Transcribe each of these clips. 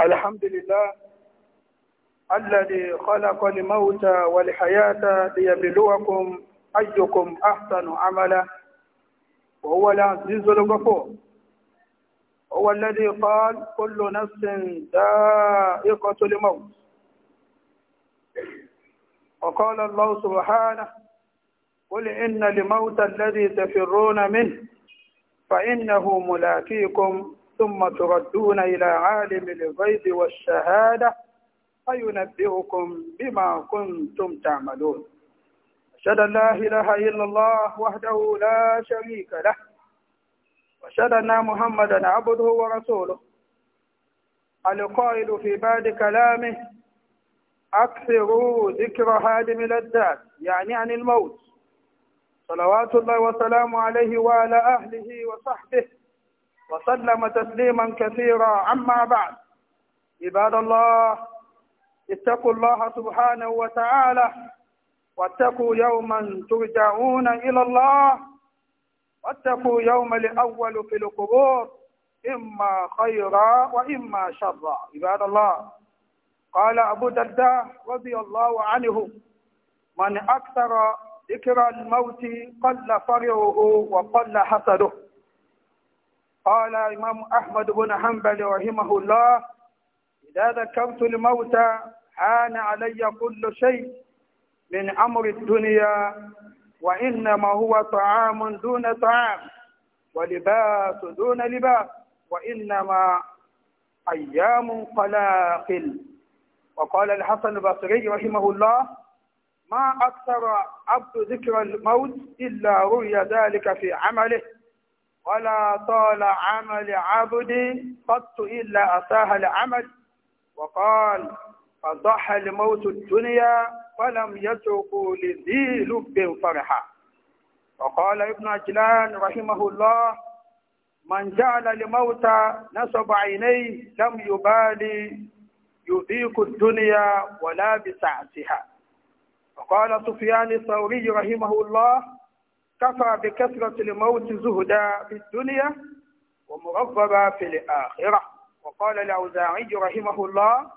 الحمد لله الذي خلق الموت والحياة ليبلوكم أيكم أحسن عملا وهو العزيز الغفور هو الذي قال كل نفس ذائقة الموت وقال الله سبحانه قل إن لموت الذي تفرون منه فإنه ملاكيكم ثم تردون إلى عالم الغيب والشهادة فينبئكم بما كنتم تعملون أشهد أن لا إله إلا الله وحده لا شريك له وأشهد أن محمدا عبده ورسوله القائل في بعد كلامه أكثروا ذكر هادم اللذات يعني عن الموت صلوات الله وسلامه عليه وعلى أهله وصحبه وسلم تسليما كثيرا عما بعد عباد الله اتقوا الله سبحانه وتعالى واتقوا يوما ترجعون إلى الله واتقوا يوم الأول في القبور إما خيرا وإما شرا عباد الله قال أبو درداء رضي الله عنه من أكثر ذكر الموت قل فرعه وقل حسده قال إمام أحمد بن حنبل رحمه الله إذا ذكرت الموت حان علي كل شيء من أمر الدنيا وإنما هو طعام دون طعام ولباس دون لباس وإنما أيام قلاقل وقال الحسن البصري رحمه الله ما أكثر عبد ذكر الموت إلا رؤي ذلك في عمله ولا طال عمل عبدي قط إلا اتاه العمل وقال فضح الموت الدنيا ولم يتركوا لذي لب فرحا وقال ابن عجلان رحمه الله من جعل لموت نصب عينيه لم يبالي يذيق الدنيا ولا بسعتها وقال سفيان الثوري رحمه الله كفى بكثرة الموت زهدا في الدنيا ومغضبا في الآخرة وقال الأوزاعي رحمه الله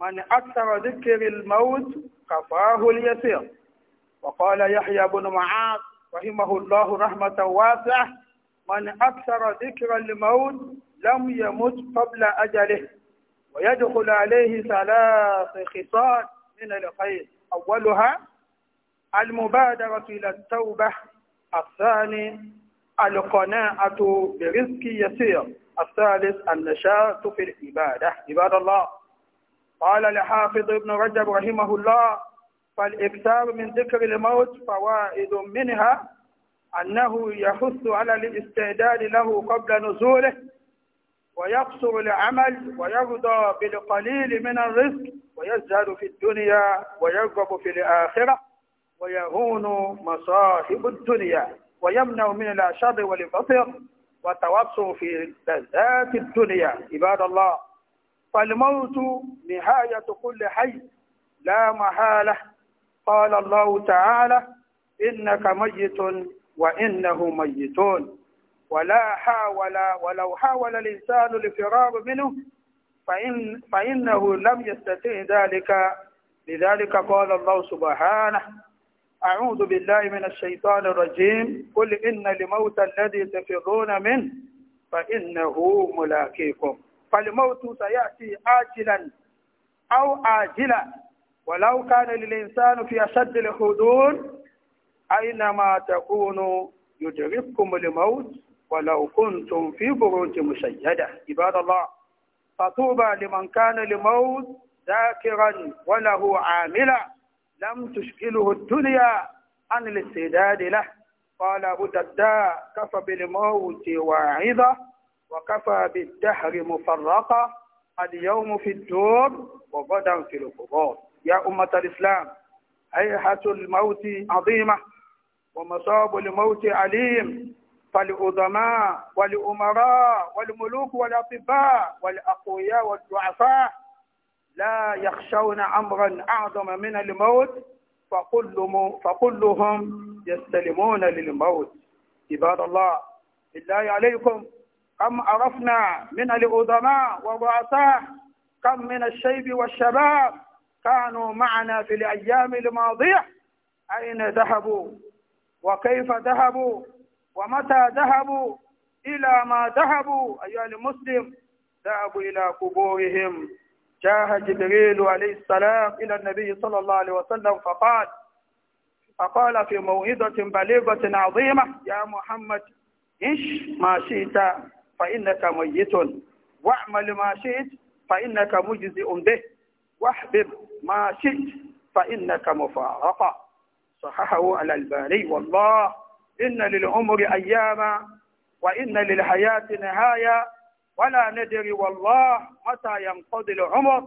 من أكثر ذكر الموت كفاه اليسير وقال يحيى بن معاذ رحمه الله رحمة واسعة من أكثر ذكر الموت لم يمت قبل أجله ويدخل عليه ثلاث خصال من الخير أولها المبادرة إلى التوبة الثاني القناعة برزق يسير الثالث النشاط في العبادة عباد الله قال لحافظ ابن رجب رحمه الله فالإكثار من ذكر الموت فوائد منها أنه يحث على الاستعداد له قبل نزوله ويقصر العمل ويرضى بالقليل من الرزق ويزهد في الدنيا ويرغب في الآخرة ويهون مصاحب الدنيا ويمنع من الأشر والفطر وتوسع في لذات الدنيا عباد الله فالموت نهاية كل حي لا محالة قال الله تعالى إنك ميت وإنه ميتون ولا حاول ولو حاول الإنسان الفرار منه فإن فإنه لم يستطع ذلك لذلك قال الله سبحانه أعوذ بالله من الشيطان الرجيم قل إن لموت الذي تفرون منه فإنه ملاقيكم فالموت سيأتي آجلا أو آجلا ولو كان للإنسان في أشد الحدود أينما تكونوا يدرككم الموت ولو كنتم في بروج مشيدة عباد الله فطوبى لمن كان الموت ذاكرا وله عاملا لم تشكله الدنيا عن الاستعداد له قال أبو الدرداء كفى بالموت واعظة وكفى بالدهر مفرقة اليوم في الدور وغدا في القبور يا أمة الإسلام هيحة الموت عظيمة ومصاب الموت عليم فالعظماء والأمراء والملوك والأطباء والأقوياء والضعفاء لا يخشون أمرا أعظم من الموت فكلهم فكلهم يستلمون للموت عباد الله بالله عليكم كم عرفنا من العظماء والرؤساء كم من الشيب والشباب كانوا معنا في الأيام الماضية أين ذهبوا وكيف ذهبوا ومتى ذهبوا إلى ما ذهبوا أيها المسلم ذهبوا إلى قبورهم جاء جبريل عليه السلام إلى النبي صلى الله عليه وسلم فقال فقال في موعظة بليغة عظيمة يا محمد إش ما شئت فإنك ميت واعمل ما شئت فإنك مجزئ به واحبب ما شئت فإنك مفارقة صححه على الباري والله إن للعمر أياما وإن للحياة نهاية ولا ندري والله متى ينقضي العمر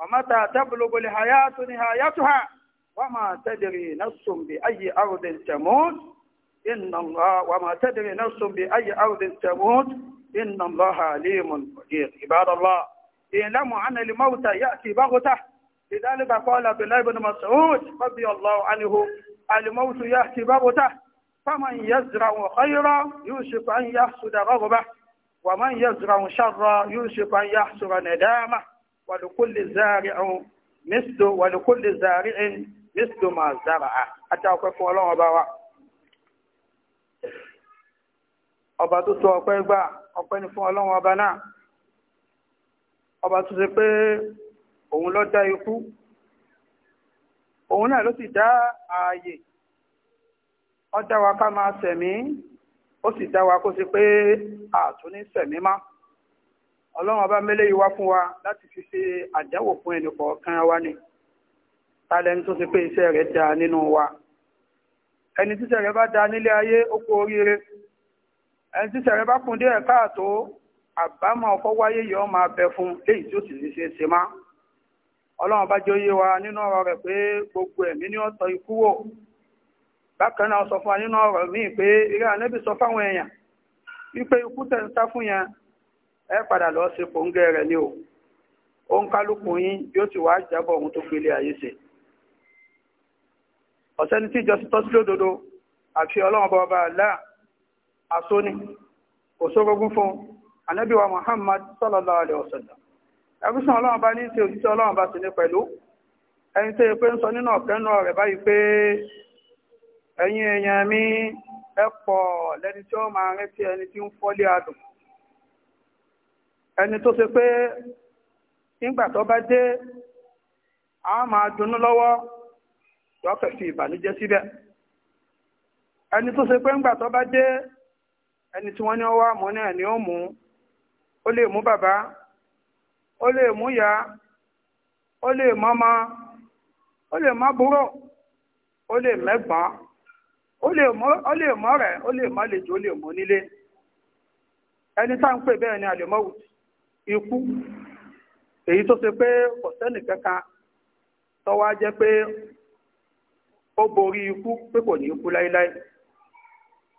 ومتى تبلغ الحياة نهايتها وما تدري نفس بأي أرض تموت إن الله وما تدري نفس بأي أرض تموت إن الله عليم قدير عباد الله اعلموا أن الموت يأتي بغتة لذلك قال عبد الله بن مسعود رضي الله عنه الموت يأتي بغتة فمن يزرع خيرا يوشك أن يحصد رغبه ومن يزرع شرا يوشك أن يحصر ندامه ولكل زارع مثل ولكل زارع مثل ما زرع أتاكم الله بارك ọba tó tó ọpẹ́ gbà ọpẹ́ ni fún ọlọ́run ọba náà ọba tó ṣe pé òun ló dá ikú òun náà ló sì dá ààyè ó wa ká máa ṣẹ̀mí ó sì dá wa kó ṣe pé àtúní sẹ̀mí ọlọ́run ọba mẹ́lẹ́ wá fún wa láti fi ṣe àdánwò fún ẹnì kọ̀ọ̀kan wa ni tálẹ́ni tó ṣe pé iṣẹ́ rẹ̀ dáa nínú wa ẹni tíṣẹ́ rẹ̀ bá dáa nílé ayé ó kú oríire ẹni tíṣẹ́ rẹ̀ bá kún díẹ̀ káàtó àbámọ̀ ọkọ̀ wáyé yọ máa bẹ fún léyìí tí ó sì ṣe ṣe má ọlọ́run bá jọ yé wa nínú ọ̀rọ̀ rẹ̀ pé gbogbo ẹ̀mí ni ó ikú wò bákan náà sọ fún wa nínú ọ̀rọ̀ míì pé eré ànábì sọ fáwọn èèyàn wípé ikú tẹ̀ ń sá fún yẹn ẹ padà lọ sí kòńgẹ́ rẹ̀ ni o òun kálukú yín yóò ti wá jábọ̀ ohun tó gbélé ayé ṣe ọ̀sẹ́ni tí ìjọsìn tọ́ lódodo àfi ọlọ́run bọba aláà asóni kò sórógún fún anábíwa Muhammad sallallahu alaihi wasallam ẹgbùsùn ọlọ́run bá ní ṣe òjíṣẹ́ ọlọ́run bá sí ní pẹ̀lú ẹni tó yẹ pé ń sọ nínú ọ̀kẹ́ náà rẹ̀ báyìí pé ẹ̀yin èèyàn mi ẹ pọ̀ lẹ́ni tí ó máa rántí ẹni tí ń fọ́lé adùn ẹni tó ṣe pé nígbà tó bá dé a máa dunnú lọ́wọ́ yọ́fẹ̀ fi ìbànújẹ́ síbẹ̀ ẹni tó ṣe pé nígbà tó bá dé ẹni tí wọ́n ní ọwọ́ àmọ́ náà ni ó mú ó ó lè mọ́ rẹ̀ ó lè mọ́ lejò ó lè mọ́ nílé ẹni tá ń pè bẹ́ẹ̀ ni àlèmọ́wù ikú èyí tó ṣe pé kò sẹ́nì kankan tọ́wọ́ á jẹ́ pé ó borí ikú pé kò ní ikú láíláí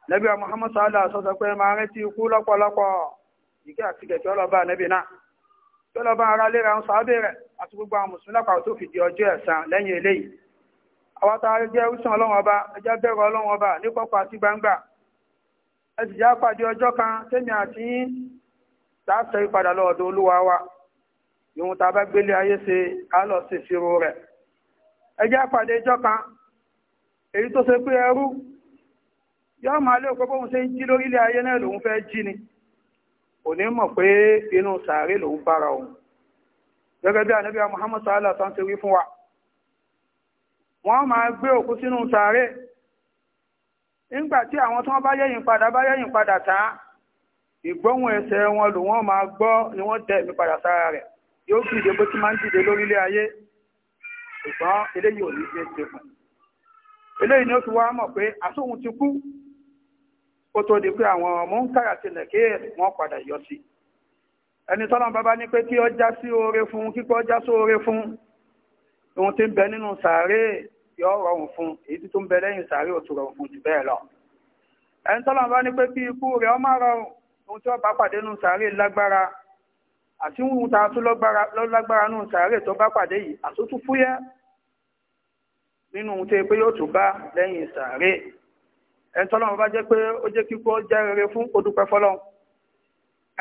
nẹ́bí wa Muhammad sallallahu alaihi wasallam pé máa rántí ikú lọ́pọ̀lọpọ̀ ara léra ń sọ ábẹ́rẹ̀ àti gbogbo àwọn mùsùlùmí lápá àwọn tá a jẹ́ ìṣàn ọlọ́run ọba ẹjá bẹ̀rọ ọlọ́run ọba ní kọ̀kọ̀ àti gbangba ẹ sì já pàdé ọjọ́ kan tẹ́mi àti yín láàṣẹ ìpadà lọ́ọ̀dọ̀ olúwa wa ìwọ̀n tá a bá gbélé ayé ṣe á lọ rẹ̀ pàdé ọjọ́ kan èyí tó ṣe pé ẹrú yọ́ máa lé ṣe ń jí ayé náà lòun fẹ́ jí ni kò ní mọ̀ pé inú sàárè lòun bára òun gẹ́gẹ́ bí Muhammad sallallahu alaihi ṣe wa wọ́n máa gbé òkú sínú sàárè nígbà tí àwọn tí wọ́n bá yẹ̀yìn padà bá yẹ̀yìn padà tá ìgbóhùn ẹsẹ̀ wọn lò wọ́n máa gbọ́ ni wọ́n dẹ̀ mi padà sára rẹ̀ yóò fi ìdè bó ti máa ń dìde lórílẹ̀ ayé ṣùgbọ́n eléyìí ò ní ṣe ṣe fún eléyìí ni ó fi wá mọ̀ pé àsóhun ti kú ó tó di pé àwọn ọmọ ń kára tilẹ̀ kí wọ́n padà yọ sí ẹni tọ́lọ́n bàbá ní pé kí ọjà sí oore fún kíkọ́ ọjà sí oore fún ohun tí ń bẹ nínú sàárè yóò rọrùn fún èyí tó ń bẹ lẹ́yìn sàárè ò tún rọrùn fún jù bẹ́ẹ̀ lọ ẹni tọ́lọ́ bá ní pé kí ikú rẹ̀ ó má rọrùn ohun tí wọ́n bá pàdé nínú sàárè lágbára àti ohun tá a tún lọ́gbára nínú sàárè tó bá pàdé yìí àtúntú fúyẹ́ nínú ohun tó pé yóò tún bá lẹ́yìn sàárè ẹni tọ́lọ́ bá jẹ́ pé ó jẹ́ kíkú ó jẹ́ rere fún ó dúpẹ́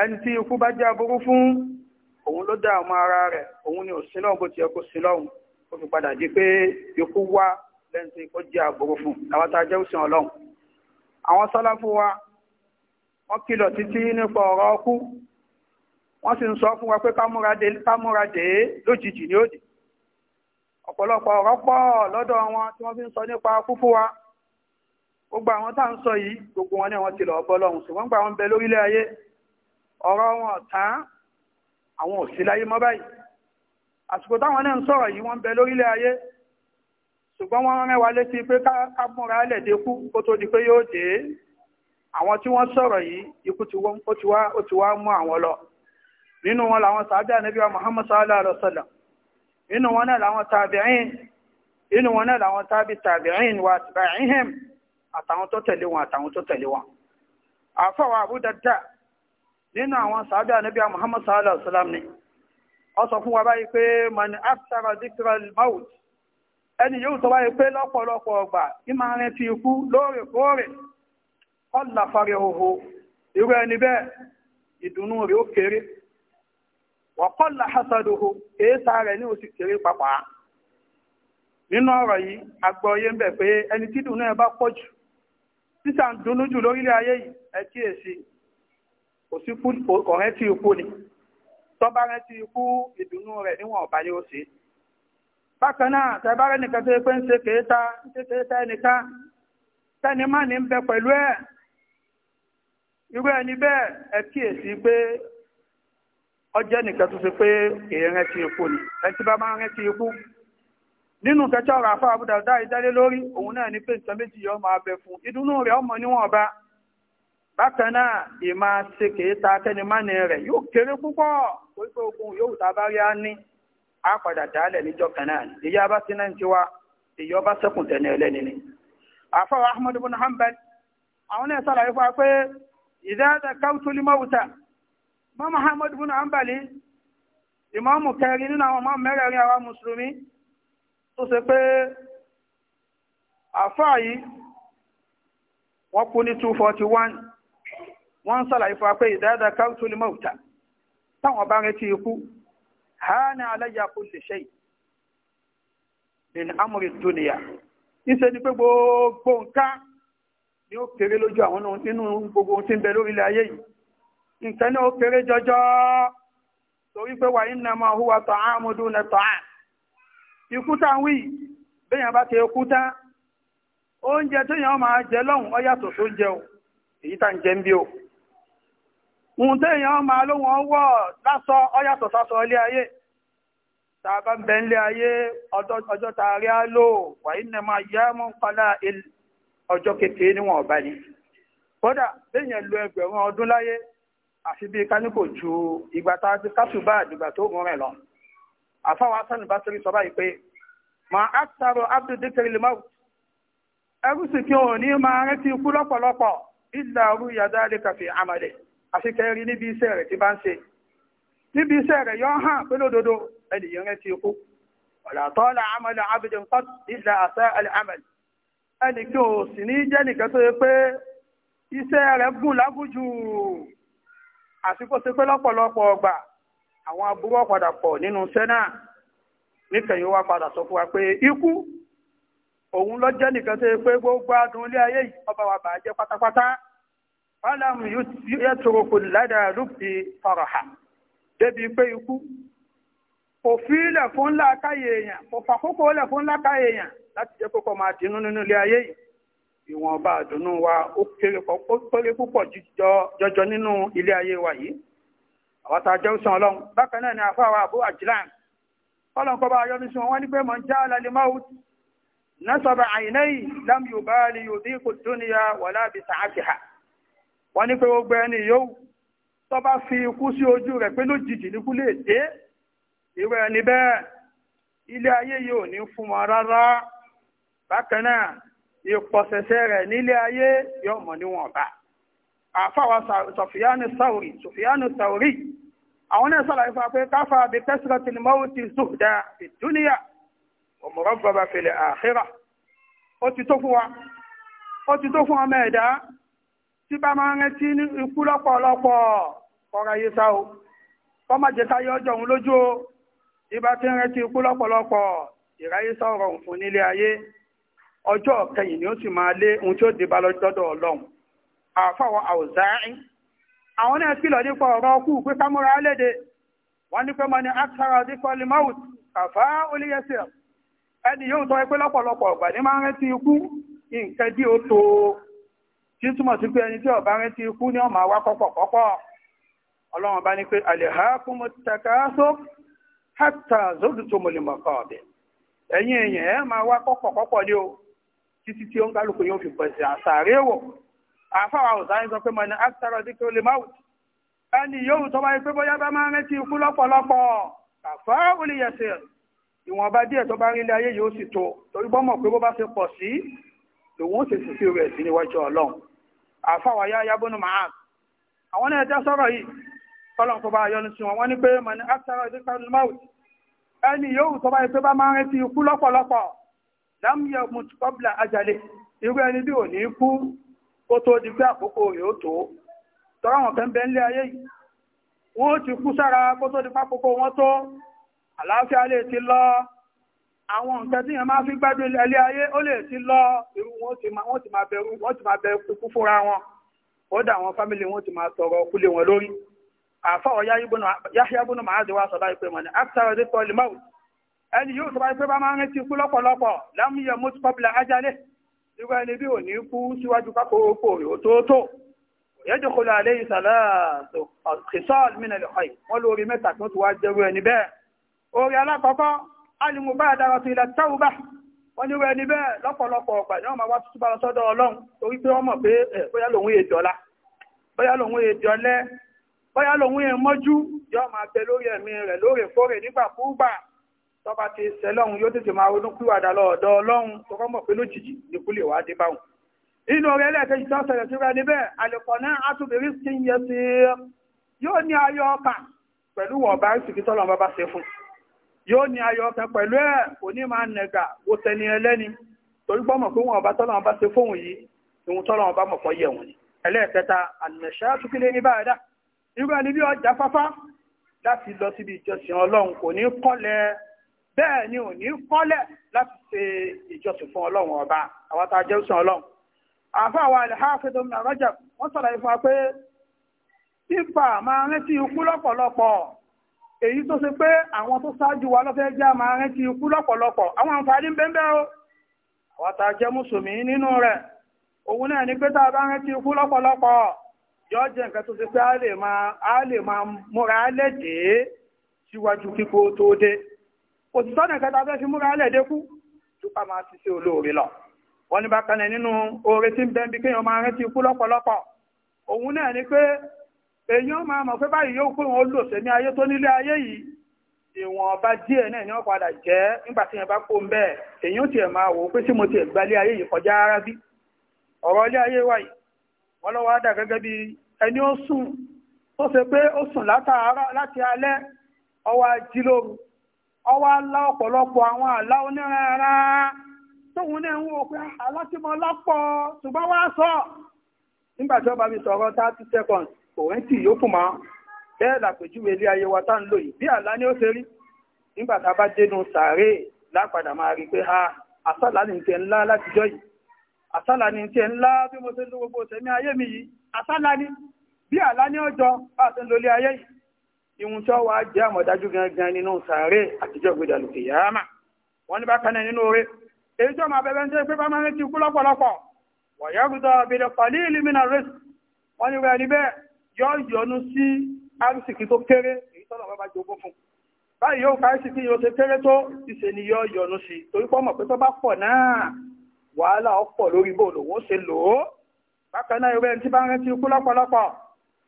ẹni tí ikú bá jẹ́ aburú fún òun ló dá àwọn ara rẹ̀ òun ni òsínlọ́hún bó ti yẹ kó sílọ́hún ó fi padà di pé ikú wá lẹ́nu tí ó jẹ́ fún àwọn tá a jẹ́ òsìn ọlọ́run àwọn sàláfù wa wọ́n kìlọ̀ títí nípa ọ̀rọ̀ ọkú wọ́n sì ń sọ fún wa pé ká múra dé lójijì ní òdì ọ̀pọ̀lọpọ̀ ọ̀rọ̀ pọ̀ lọ́dọ̀ wọn tí wọ́n fi ń sọ nípa kúkú wa gbogbo àwọn tá à ń sọ yìí gbogbo wọn ní wọn ti lọ bọ́ lọ́hùn ṣùgbọ́n gbà wọn bẹ lórílẹ̀ ayé ọ̀rọ̀ wọn ọ̀tán àwọn ò láyé mọ́ báyìí àsìkò táwọn náà ń sọ̀rọ̀ yìí wọ́n ń bẹ lórílẹ̀ ayé ṣùgbọ́n wọ́n rán wa létí pé ká múra lẹ̀ dékú kó tó di pé yóò dé àwọn tí wọ́n sọ̀rọ̀ yìí ikú ó ti wá mú àwọn lọ nínú wọn làwọn sàábẹ́ ànábíwá Muhammad sallallahu alaihi wasallam nínú wọn náà làwọn tàbí'in nínú wọn náà làwọn tàbí tàbí'in wa tàbí'ihim àtàwọn tó tẹ̀lé wọn àtàwọn tó tẹ̀lé wọn àfọwọ́ Abu nínú àwọn sàábẹ́ ànábíwá Muhammad sallallahu alaihi wasallam ni ọ sọ fún wa báyìí pé mani aftara dikral maut ẹni yóò sọ báyìí pé lọ́pọ̀lọpọ̀ ọgbà ní máa rìn ti ikú lóòrèkóòrè ọ̀là fari òhò irú ẹni bẹ́ẹ̀ ìdùnnú rẹ̀ ó kéré wọ̀kọ́là ee èéṣà rẹ̀ ní oṣù kéré nínú ọ̀rọ̀ yìí agbọ́yé ń bẹ̀ pé ẹni tí ẹ bá pọ̀ jù ń dunnú jù lórílẹ̀ ayé yìí ẹ kíyèsí kò sí ikú ni tọ́ba rántí ikú ìdùnnú rẹ̀ níwọ̀n ọ̀bá yóò ṣe. bákan náà tẹ́bárẹ́ nìkan tó yẹ pé ń ṣe kéèta ń ṣe kéèta ẹnìkan tẹ́ni má ní ń bẹ pẹ̀lú ẹ̀ irú ẹni bẹ́ẹ̀ ẹ kíyèsí pé ọjẹ́ nìkan tó ṣe pé èèyàn ti ikú ni ẹni tí bá máa rántí ikú nínú kẹjọ ọ̀rọ̀ àfọ àbúdàdá ìdálé lórí òun náà ní pé nǹkan méjì yọ máa bẹ fún ìdùnnú rẹ̀ ọmọ níwọ̀n ọba bákan náà ìmáa ṣe kéèta tẹ́ni má ní rẹ̀ yóò kéré púpọ̀ torí pé ogun yòówù tá a bá rí á ní á padà dálẹ̀ níjọ́ kan náà ni èyí abá sí náà ti wá èyí ọba sẹ́kùn tẹ̀lé ẹlẹ́ni ni. àfọwọ́ ahmed bin hanbal àwọn náà sàlàyé fún wa pé ìdáàdà káwùtúlì mọ́wùtà mọ́mọ́ ahmed bin hanbal ìmọ̀ọ́mù kẹrin nínú àwọn ọmọ mẹ́rẹ̀ẹ̀rin àwa mùsùlùmí tó ṣe pé àfáà yìí wọ́n kú ní 241 wọ́n sàlàyé fún wa pé ìdáàdà káwùtúlì mọ́wùtà táwọn bá retí ha ni aláyà kò lè ṣe ìnà amúrí dúnìyà níṣẹ́ ni pe gbogbo nǹkan ni o kéré lójú àwọn nínú gbogbo ohun tí ń bẹ lórílẹ̀ ayé yìí jọjọ torí pé wà nínú ọmọ òhúwa tọ̀ àmúdú nà tọ̀ à ikú tá wí bá ti kú tán oúnjẹ tó o èyí tá ń jẹ ń bí ohun téèyàn máa ló wọn wọ̀ lásọ ọyàtọ̀ sásọ ilé ayé tá bá ń bẹ ilé ayé ọjọ́ tá rí á lò wà ní ẹ̀mọ ayé mú kọlá ọjọ́ kékeré níwọ̀n ọ̀bá ni kódà téèyàn lo ẹgbẹ̀rún ọdún láyé àfi bíi ká ní kò ju ìgbà tá a ti kásùbà àdìgbà tó mú rẹ̀ lọ àfáwọn asánì bá torí sọ báyìí pé mà á sàrò abdulkiri limau ẹrú sì kí òun ní máa rántí ikú lọ́pọ̀lọpọ̀ ìlà òru yàdá lè kàfé àmàlẹ́ àṣekẹ́rí níbi iṣẹ́ rẹ̀ tí bá ń ṣe níbi iṣẹ́ rẹ̀ yọ hàn pé lódodo ẹnìyàn rẹ̀ ti kú ọ̀là tọ́lá amọ̀lá abidjan kọ́t ìlà àṣẹ alhamel ẹnì kí o sì ní jẹ́ nìkan tó yẹ pé iṣẹ́ rẹ̀ gùn lágùjù àsìkò ṣe pé lọ́pọ̀lọpọ̀ ọgbà àwọn aburú ọ̀padà pọ̀ nínú iṣẹ́ náà níkẹyìn wa padà sọ fún wa pé ikú òun lọ jẹ́ nìkan tó yẹ pé gbogbo adùn ilé ayé yìí ọba wa bàá jẹ́ pátápátá fálàmù yẹ́tùrùkù ládàálùpì faraha débi pé ikú kò fi ilẹ̀ fún lákàyè èèyàn kò fàkókò ilẹ̀ fún lákàyè èèyàn láti jẹ́ kókò máa dínú nínú ilé ayé yìí ìwọ̀nba àdùnnú wa ó kéré púpọ̀ jọjọ nínú ilé ayé wa yìí àwọn tá a jẹ́ òsàn ọlọ́run bákan náà ni àfa wa àbú àjìláàn ọlọ́run kọ́ bá yọ ní sùn wọ́n ní pé mọ̀ ń já alálẹ́ máa nasaba àyìnlẹ́yìn lámì yorùbá ni yòdì kò dúnìyà wàlá bi sàáfìhà wọ́n ní pé gbogbo ẹni yóò tó bá fi ikú sí ojú rẹ̀ pé lójijì níkú lè dé irú ẹni bẹ́ẹ̀ ilé ayé yìí ní fún wọn rárá bákan náà ìpọ̀sẹ̀sẹ̀ rẹ̀ nílé ayé yóò mọ̀ níwọ̀nba àfàwà sọfìyánù sàwòrì sọfìyánù sàwòrì àwọn náà sàlàyé fún wa pé káfà bí kẹsìrọ̀tì ni mọ́wó ti zùdá ìdúníyà òmùrọ̀ bàbá fèlè àhírà ó ti tó fún wa ó ti tó fún ọmọ ẹ̀dá tí bá máa ń rántí ní ikú lọ́pọ̀lọpọ̀ ọ̀rọ̀ ayé sá o kọ́mọ jẹta yọ ọjọ́ òun lójú o tí bá ti ń rántí ikú lọ́pọ̀lọpọ̀ ìráyé sá ọ̀rọ̀ òun fún nílé ayé ọjọ́ kẹyìn ni ó sì máa lé ohun tí ó dé bá lọ́dọ̀ ọlọ́run àfọwọ́ àwòzáì àwọn náà kìlọ̀ nípa ọ̀rọ̀ ọkú pé kámúra léde wọ́n ní pé mo ní akitara díkọ́ limaut kàfá olíyẹsẹ̀ ẹni yóò tọ́ ẹ pé lọ́pọ̀lọpọ̀ ọ̀gbà ní máa ń rántí ikú nǹkan bí ó tó o tí túmọ̀ sí pé ẹni tí ọ̀bá rẹ̀ ti kú ní ọmọ àwá pọ̀pọ̀ pọ̀pọ̀ ọlọ́run bá ní pé alẹ́hàákúnmọ́ takaso hátà zódùtò mọ̀lẹ́mọ̀ kọ́ọ̀bẹ̀ ẹ̀yin èèyàn ẹ̀ máa wá pọ̀pọ̀ pọ̀pọ̀ ní o títí tí ó ń kálukú yóò fi bọ̀ sí àsàrí wò àfáwà ọ̀sá ń sọ pé mọ̀ ní áṣítàrà sí kí ó lè máwù ẹni yóò tọ́ wáyé pé bóyá bá máa ń rántí ikú lọ́pọ̀lọpọ̀ àfá ó ìwọ̀nba díẹ̀ tó bá rí ilé ayé yóò sì tó torí bọ́mọ̀ pé bó bá ṣe pọ̀ sí lòun ó sì sì sí rẹ̀ sí níwájú ọlọ́run àfáwà Yahya bun Ma'an àwọn náà já sọ́rọ̀ yìí tọ́lọ̀ tó bá yọnu sí wọn wọ́n ní pé mọ̀ ní afẹ́rọ̀ ìdíkàrún mọ́ọ̀t ẹni yóò tó bá pé bá máa ń retí ikú lọ́pọ̀lọpọ̀ lámúyẹ mùtùkọ́bìlà ajalè irú ẹni bí ò ní kú ó tó di pé àkókò yóò tó tọ́rọ àwọn kan bẹ nílé ayé yìí wọ́n ti kú sára kó tó di pákókò wọn tó àlàáfíà lè ti lọ àwọn nǹkan tí yẹn máa fi gbádùn ilé ayé ó lè ti lọ irú wọn ti máa bẹ̀rù wọn ti máa bẹ kúkú fúnra wọn ó dà àwọn fámìlì wọn ti máa tọrọ kúlé wọn lórí àfọwọ́ yáyá búnú màá ti wá sọ báyìí pé mọ̀ ní akitara ọdẹ tọ́lì mọ́wù ẹni yóò sọ báyìí pé bá máa ń retí ikú lọ́pọ̀lọpọ̀ lámúyẹ mọ́tò pọ́pìlà ajálẹ̀ irú ẹni bí ò ní kú síwájú pápá orúkọ rẹ̀ òtótó yẹ́dùkúlọ̀ alẹ́ ìsàlẹ̀ kìsọ́ọ̀lù mìíràn lọ́kọ̀ yìí wọ́n lórí mẹ́ta tó ti wá jẹ́rú ẹni bẹ́ẹ̀ orí alákọ̀ọ́kọ́ al-mubadara ila at-tawbah wọ́n ní wẹ́ẹ́ níbẹ̀ lọ́pọ̀lọpọ̀ ọ̀pá ni máa wá tuntun bá lọ sọ́dọ̀ ọlọ́run torí pé wọ́n mọ̀ pé eh, bóyá lòun èdè ọ̀la bóyá lòun èdè ọ̀lẹ́ bóyá lòun èè mọ́jú yóò máa bẹ lórí ẹ̀mí rẹ̀ lóòrèkóòrè nígbàkúùgbà tó ti ṣẹ lọ́hun yóò tètè máa ronú kúwàdà lọ́ọ̀dọ̀ ọlọ́run tó kọ́ yóò ní ayọ̀ ọkàn pẹ̀lú ẹ̀ kò ní máa nẹ̀gà wo tẹni ẹlẹ́ni torí gbọ́mọ̀ pé wọn ọba tọ́lọ́wọ́n bá ṣe fóun yìí ìhun tọ́lọ́wọ́n bá mọ̀pọ̀ yẹ̀ wọ̀n ni ẹlẹ́ẹ̀kẹta àmẹ̀ṣẹ́ àtúkílé ní báyìí irú ẹni bí ọjà fáfá láti lọ síbi ìjọsìn ọlọ́run kò ní kọ́lẹ̀ bẹ́ẹ̀ ni ò ní kọ́lẹ̀ láti ṣe ìjọsìn fún ọlọ́run ọba àwọn tá a jẹ́ òsìn ọlọ́run àfa àwọn àlẹ́ háfẹ́dọ́ mi àrájà wọ́n sọ̀rọ̀ ìfọ̀ pé pípa máa rántí ikú lọ́pọ̀lọpọ̀ èyí tó ṣe pé àwọn tó ṣáájú wa lọ́fẹ́ jẹ́ àmà rántí ikú lọ́pọ̀lọpọ̀ àwọn àǹfààní bẹ́ẹ̀ o àwọn tá a jẹ́ mùsùlùmí nínú rẹ̀ òun náà ni pé tá a bá rántí ikú lọ́pọ̀lọpọ̀ yóò jẹ́ nǹkan tó ṣe pé a lè máa múra lẹ́dẹ̀ẹ́ síwájú kíkó tó dé kò sì sọ́nà kẹta fẹ́ fi múra lẹ́dẹ̀ẹ́ kú túpà máa ti ṣe olóore lọ wọ́n ní bákan náà nínú oore tí ń bẹ́ẹ̀ bí kéèyàn máa rántí ikú lọ́pọ̀lọpọ̀ òun náà ni pé èyí ó máa mọ̀ pé báyìí yóò pé wọn lò sẹ́mi ayé tó nílé ayé yìí ọba díẹ̀ náà ni wọ́n padà jẹ́ nígbà tí bá kó ń bẹ́ẹ̀ èyí ó tiẹ̀ máa wò ó pé tí mo tiẹ̀ gbalé ayé yìí kọjá ara bí ọ̀rọ̀ ilé ayé dà gẹ́gẹ́ bí ẹni ó sùn tó ṣe pé ó láti alẹ́ ọwọ́ kò rántí yókù mọ́ bẹ́ẹ̀ làpèjúwe ilé ayé wa tá ń lò yìí bí àlá ni ó ṣe rí nígbà tá a bá dénú sàárè lápadà máa rí pé ha àsálà ní tiẹ̀ ńlá látijọ́ yìí àsálà ní tiẹ̀ ńlá bí mo ṣe ń lo gbogbo tẹ̀mí ayé mi yìí àsálà ni bí àlá ni ó jọ bá a ṣe ń lo ilé ayé yìí ìhun tí ó wá jẹ́ àmọ̀dájú gangan nínú sàárè àtijọ́ gbèdà lòkè yàrá wọ́n ní bá kanẹ̀ nínú oore èyí tó máa bẹ̀rẹ̀ ń jẹ́ pé máa ń retí ikú lọ́pọ̀lọpọ̀ wọ̀yọ́gùdọ̀ bìdẹ̀ pàlí ìlú mìíràn rẹ̀ wọ́n ní wẹ́ẹ̀ níbẹ̀ yọ yọnu sí arísìkí tó kéré èyí tọ́lọ̀ bá bá jogún fún báyìí yóò káyé sí kí yóò ṣe kéré tó ìṣe ni yọ yọnu sí torí pọ́ mọ̀ pé tó bá pọ̀ náà wàhálà ọ̀pọ̀ lórí bó lòwó ṣe lò ó bákan náà irú ẹni tí bá ń rántí ikú lọ́pọ̀lọpọ̀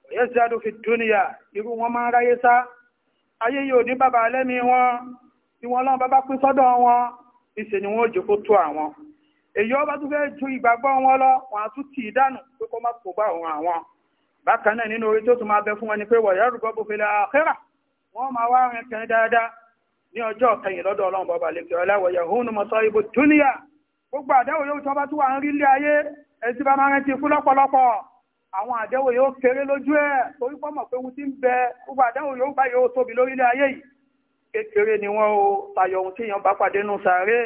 òye zíadó fi dúnìyà irú wọn máa ń ráyé sá ayé yóò ní bàbá lẹ́mí wọn tí wọn lọ́n bàbá pín sọ́dọ̀ wọn ìṣe ni wọn ò jòkó tó àwọn èyí ọba tó fẹ́ ju ìgbàgbọ́ wọn lọ wọn á tún tì í dànù pé kó má kó bá òun àwọn bákan náà nínú orí tó tún máa bẹ fún wọn ni pé wọ̀yá rúgbọ́ bó fi lẹ́ àkẹ́rà wọ́n máa wá rìn kẹ́ dáadáa ní ọjọ́ kẹyìn lọ́dọ̀ ọlọ́run bọ́ba lẹ́kẹ́ ọláwọ̀yà òun mọ̀ sọ ibò dúníyà gbogbo àdẹ́wò yóò tọ́ bá tún wà ń rí ilé ayé ẹtí bá máa ń rántí fún lọ́pọ̀lọpọ̀ àwọn àdẹ́wò yóò kéré lójú ẹ̀ torí pọ́ mọ̀ pé ohun tí ń bẹ gbogbo àdẹ́wò yóò bá yóò tóbi lórí ilé ayé yìí kékeré ni wọ́n o tayọ ohun téèyàn bá pàdé nù sàárè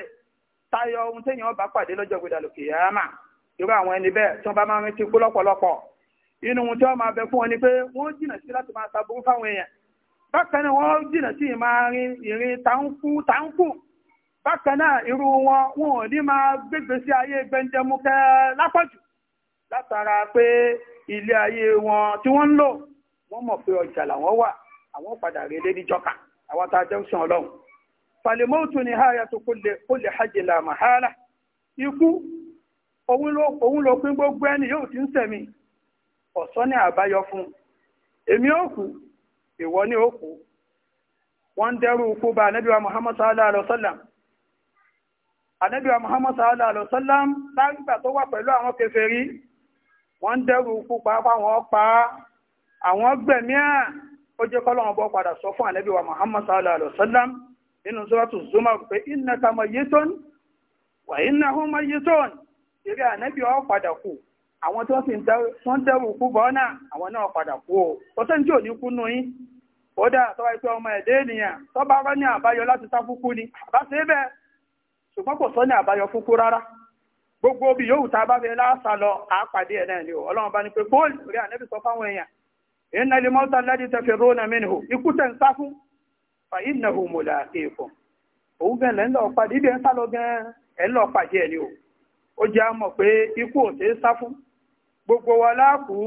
tayọ ohun téèyàn bá pàdé lọ́jọ́ gbẹdàlùkì yàrá mà irú àwọn ẹni bẹ́ẹ̀ tí wọ́n bá inú wọn tí wọ́n máa bẹ fún ọ ni pé wọ́n jìnà sí láti máa taburú fáwọn èèyàn bákan náà wọ́n jìnà sí máa rin ìrìn táǹkù táǹkù bákan náà irú wọn wọn ò ní máa gbégbé sí ayé gbẹndẹmúkẹ́ lápọ̀jù látara pé ilé ayé wọn tí wọ́n ń lò wọ́n mọ̀ pé ọjà làwọn wà àwọn padà rí lé níjọ́ka àwọn tá a jẹ́ sàn ọlọ́run falimọ́tò ni háyà tó kó lè hajj làmàhálà ikú òun ló pín gbogbo ẹni yóò ti ń sẹ̀mí ọ̀sọ́ ní àbáyọ fún èmi òkú ìwọ ní òkú wọ́n dẹ́rù ikú bá anábíwa muhammad sallallahu alaihi wasallam anábíwa muhammad sallallahu alaihi wasallam lágbà tó wà pẹ̀lú àwọn kèfèrí wọ́n dẹ́rù ikú pàápàá wọn pa àwọn gbẹ̀mí à ó jẹ́ kọ́lọ́wọ́n bọ́ padà sọ fún anábíwa muhammad sallallahu alaihi wasallam nínú suratu zumar pé innaka mayyitun wa innahum mayyitun eré anábíwa padà kù àwọn tí wọ́n sì ń dẹ́rù kú bọ́ náà àwọn náà padà kú o kò tí ò ní kú nù yín ó dà ọmọ ẹ̀dẹ́ ènìyàn tó rọ́ ní àbáyọ láti sá fúkú ni àbá ṣùgbọ́n kò sọ ní àbáyọ fúkú rárá gbogbo bí yóò ta bá láàṣà lọ àápàdé ẹ̀ náà ni o ọlọ́run bá ní pé rí ànẹ́bí sọ fáwọn gbogbo wọn láàkú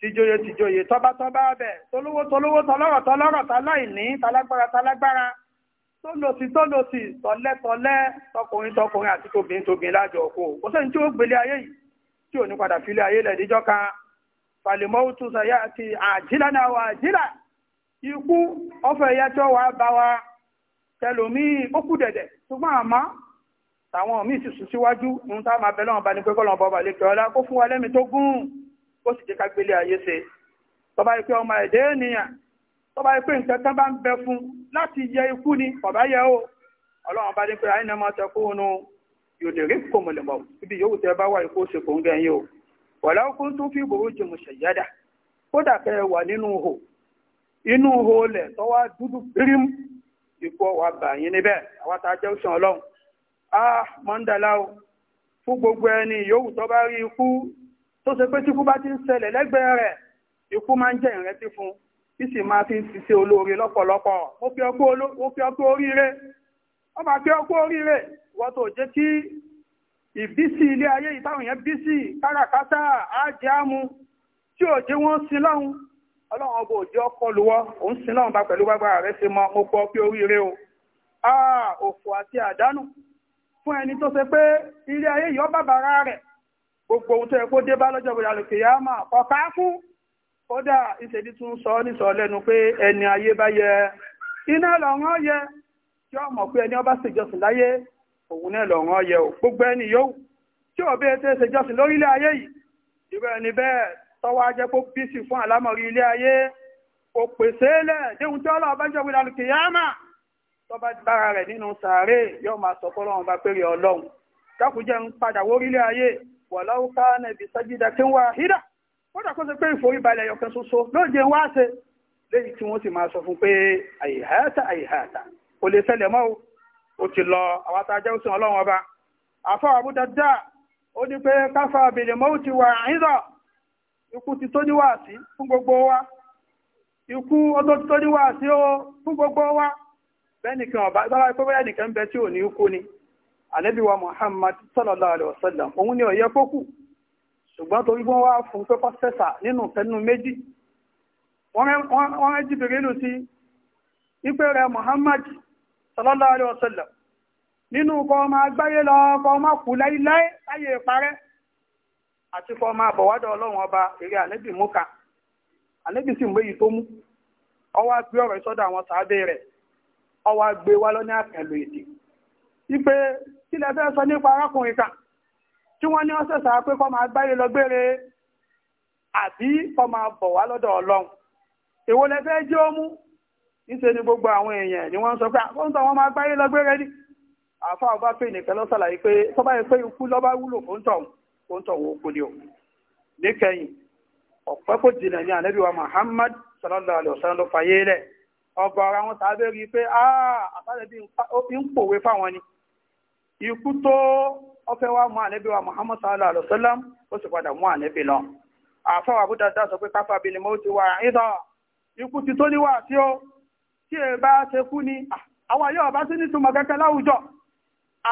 tijoye tijoye tọbatọba bẹ̀ tolówó tolówó tọlọ́rọ̀ tọlọrọ taláìní talágbára talágbára tólòsì tólòsì tọ́lẹ́tọ́lẹ́ tọkùnrin tọkùnrin àti tobìnrin tobìnrin lájọ òkú kò sẹ́ni tí ó gbélé ayé yìí tí ò ní padà ayé kan tún àti àjílá wa ó kú tàwọn míì sì sùn síwájú ohun tá a máa bẹ̀lọ́wọ̀n bá ní pé kọ́lọ̀ bọ́ba lè kẹ́ ọlá kó fún wa lẹ́mi tó gún ó sì jẹ́ ká gbélé ayé ṣe tọba ìpé ọmọ ẹ̀dẹ́ ènìyàn tọba ìpé nǹkan tán bá ń bẹ fún láti yẹ ikú ni bàbá yẹ o ọlọ́run bá ní pé àyìn náà máa tẹkú nu yòdìrí kò mọ̀lẹ̀mọ̀ ibi yòówù tẹ bá wà ikú ṣe kò ń gẹ̀ yín o wọ̀lá ó kún tún fi ìbòrò jẹ mọ̀ṣẹ̀ yáda kódà kẹ wà nínú ihò inú ihò lẹ̀ tọ́wá dúdú pírímù ikú ọwà bà yín níbẹ̀ àwọn tá a jẹ́ òṣìṣẹ́ ọlọ́run ah mọ́ndàlá o fún gbogbo ẹni yòówù tó bá rí ikú tó ṣe pé tíkú bá ti ń ṣẹlẹ̀ lẹ́gbẹ̀ẹ́ rẹ̀ ikú máa ń jẹ́ ìrètí fún kí sì máa fi ń ṣiṣẹ́ olóore lọ́pọ̀lọpọ̀ mo fi ọkú oríire wọ́n máa fi ọkú oríire wọ́n tó jẹ́ kí ìbísí ilé ayé ìtàwọn èèyàn bísí káràkátà ájẹ́ ámú tí ò jẹ́ wọ́n sin lọ́hun ọlọ́run ọba òjò ọkọ lùwọ́ òun sin lọ́hun bá pẹ̀lú gbàgbà rẹ̀ ṣe mọ́ mo fọ ọkú oríire o ah òfò àti àdánù fún ẹni tó ṣe pé ilé ayé yọ bàbára rẹ̀ gbogbo ohun tó yẹ kó dé bá lọ́jọ́ ìwé àlòkè yá mà ọ̀ká fún kódà ìṣèdí tún sọ nísọ lẹ́nu pé ẹni ayé bá yẹ iná lọ́rán yẹ tí ọmọ pé ẹni ọba ṣèjọsìn láyé òun náà lọ́rán yẹ o gbogbo ẹni yóò tí òbí ètò ìṣèjọsìn lórílẹ̀ ayé yìí ìrọ̀ ẹni bẹ́ẹ̀ tọ́wọ́ ajẹ́ kó bísì fún àlámọ̀rí ilé ayé kò pèsè lẹ̀ déhun tí ọlọ́ọ̀bá jẹ́ wílàlùkì yá máa tọ́ba bára rẹ̀ nínú sàárè yóò máa sọ fọ́lọ́run bá péré ọlọ́run dákúnjẹ́ ń padà wórílẹ̀ ayé wọ̀láwó ká nàbì sájídà kí ń wá hídà ó dà kó ṣe pé ìforíbalẹ̀ ọ̀kan ṣoṣo lóòjẹ́ ń wá ṣe léyìí tí wọ́n sì máa sọ fún pé àyíháyàtà àyíháyàtà kò lè ṣẹlẹ̀ mọ́ o ti lọ àwọn àtàjẹ́ òsìn ọlọ́run ọba àfọ Abu Darda ó ní pé káfà àbèlè mọ́ ti wà àyíndọ̀ ikú ti tó níwàásí fún gbogbo wa ikú ó ti tó níwàásí ó fún gbogbo wa bẹ́ẹ̀nìkan ọba bára pé bóyá nìkan bẹ tí ò ní kú ni ànábì Muhammad sallallahu alaihi wasallam òun ni ọ̀yẹ́ kó kù ṣùgbọ́n torí wọ́n wá fún pé kọ́ sẹ́sà nínú fẹ́nu méjì wọ́n rẹ́ jìbìrì lù sí ipe rẹ̀ Muhammad sallallahu alaihi wasallam nínú kọ́ ọmọ agbáyé lọ kọ́ ọmọ kù láíláí láyé parẹ́ àti kọ́ ọmọ àbọ̀wádọ̀ ọlọ́run ọba eré ànábì mú ka ànábì sì mú èyí tó mú ọwọ́ gbé ọ̀rọ̀ sọ́dọ̀ àwọn sàábé rẹ̀ ọwọ́ agbé wá lọ ní àtẹ̀lò èdè wípé kí lẹ fẹ́ sọ nípa arákùnrin kan tí wọ́n ní ọ̀sẹ̀ sáà pé kọ́ máa gbáyé lọ gbére àbí kọ́ máa bọ̀ wá lọ́dọ̀ ọlọ́run èwo lẹ fẹ́ ó mú níṣẹ́ ni gbogbo àwọn èèyàn ni wọ́n sọ pé àwọn tó wọ́n máa gbáyé lọ gbére ní àfa ọba pé nìkan lọ sàlàyé pé tó bá yẹ pé ikú lọ bá wúlò fún tọ̀hún fún kú ni o níkẹyìn ọ̀pẹ́ kò jìnnà ní ànábì wa Muhammad sallallahu alayhi wa sallam ló fayé lẹ̀ ọ̀gọ̀ọ̀rọ̀ àwọn tàbí rí i pé àtàlẹ́bí ń pòwe fáwọn ni ikú tó ọfẹ́ wa mú ànẹ́bí wa Muhammad sallallahu alaihi wasallam ó sì padà mú ànẹ́bí lọ àfọwà búdà dá sọ pé káfà bíi ni mo ti wà ìdọ̀ ikú ti tó níwà tí ó tí ẹ bá ṣe kú ni àwọn yóò bá sí nítumọ̀ kẹ́kẹ́ láwùjọ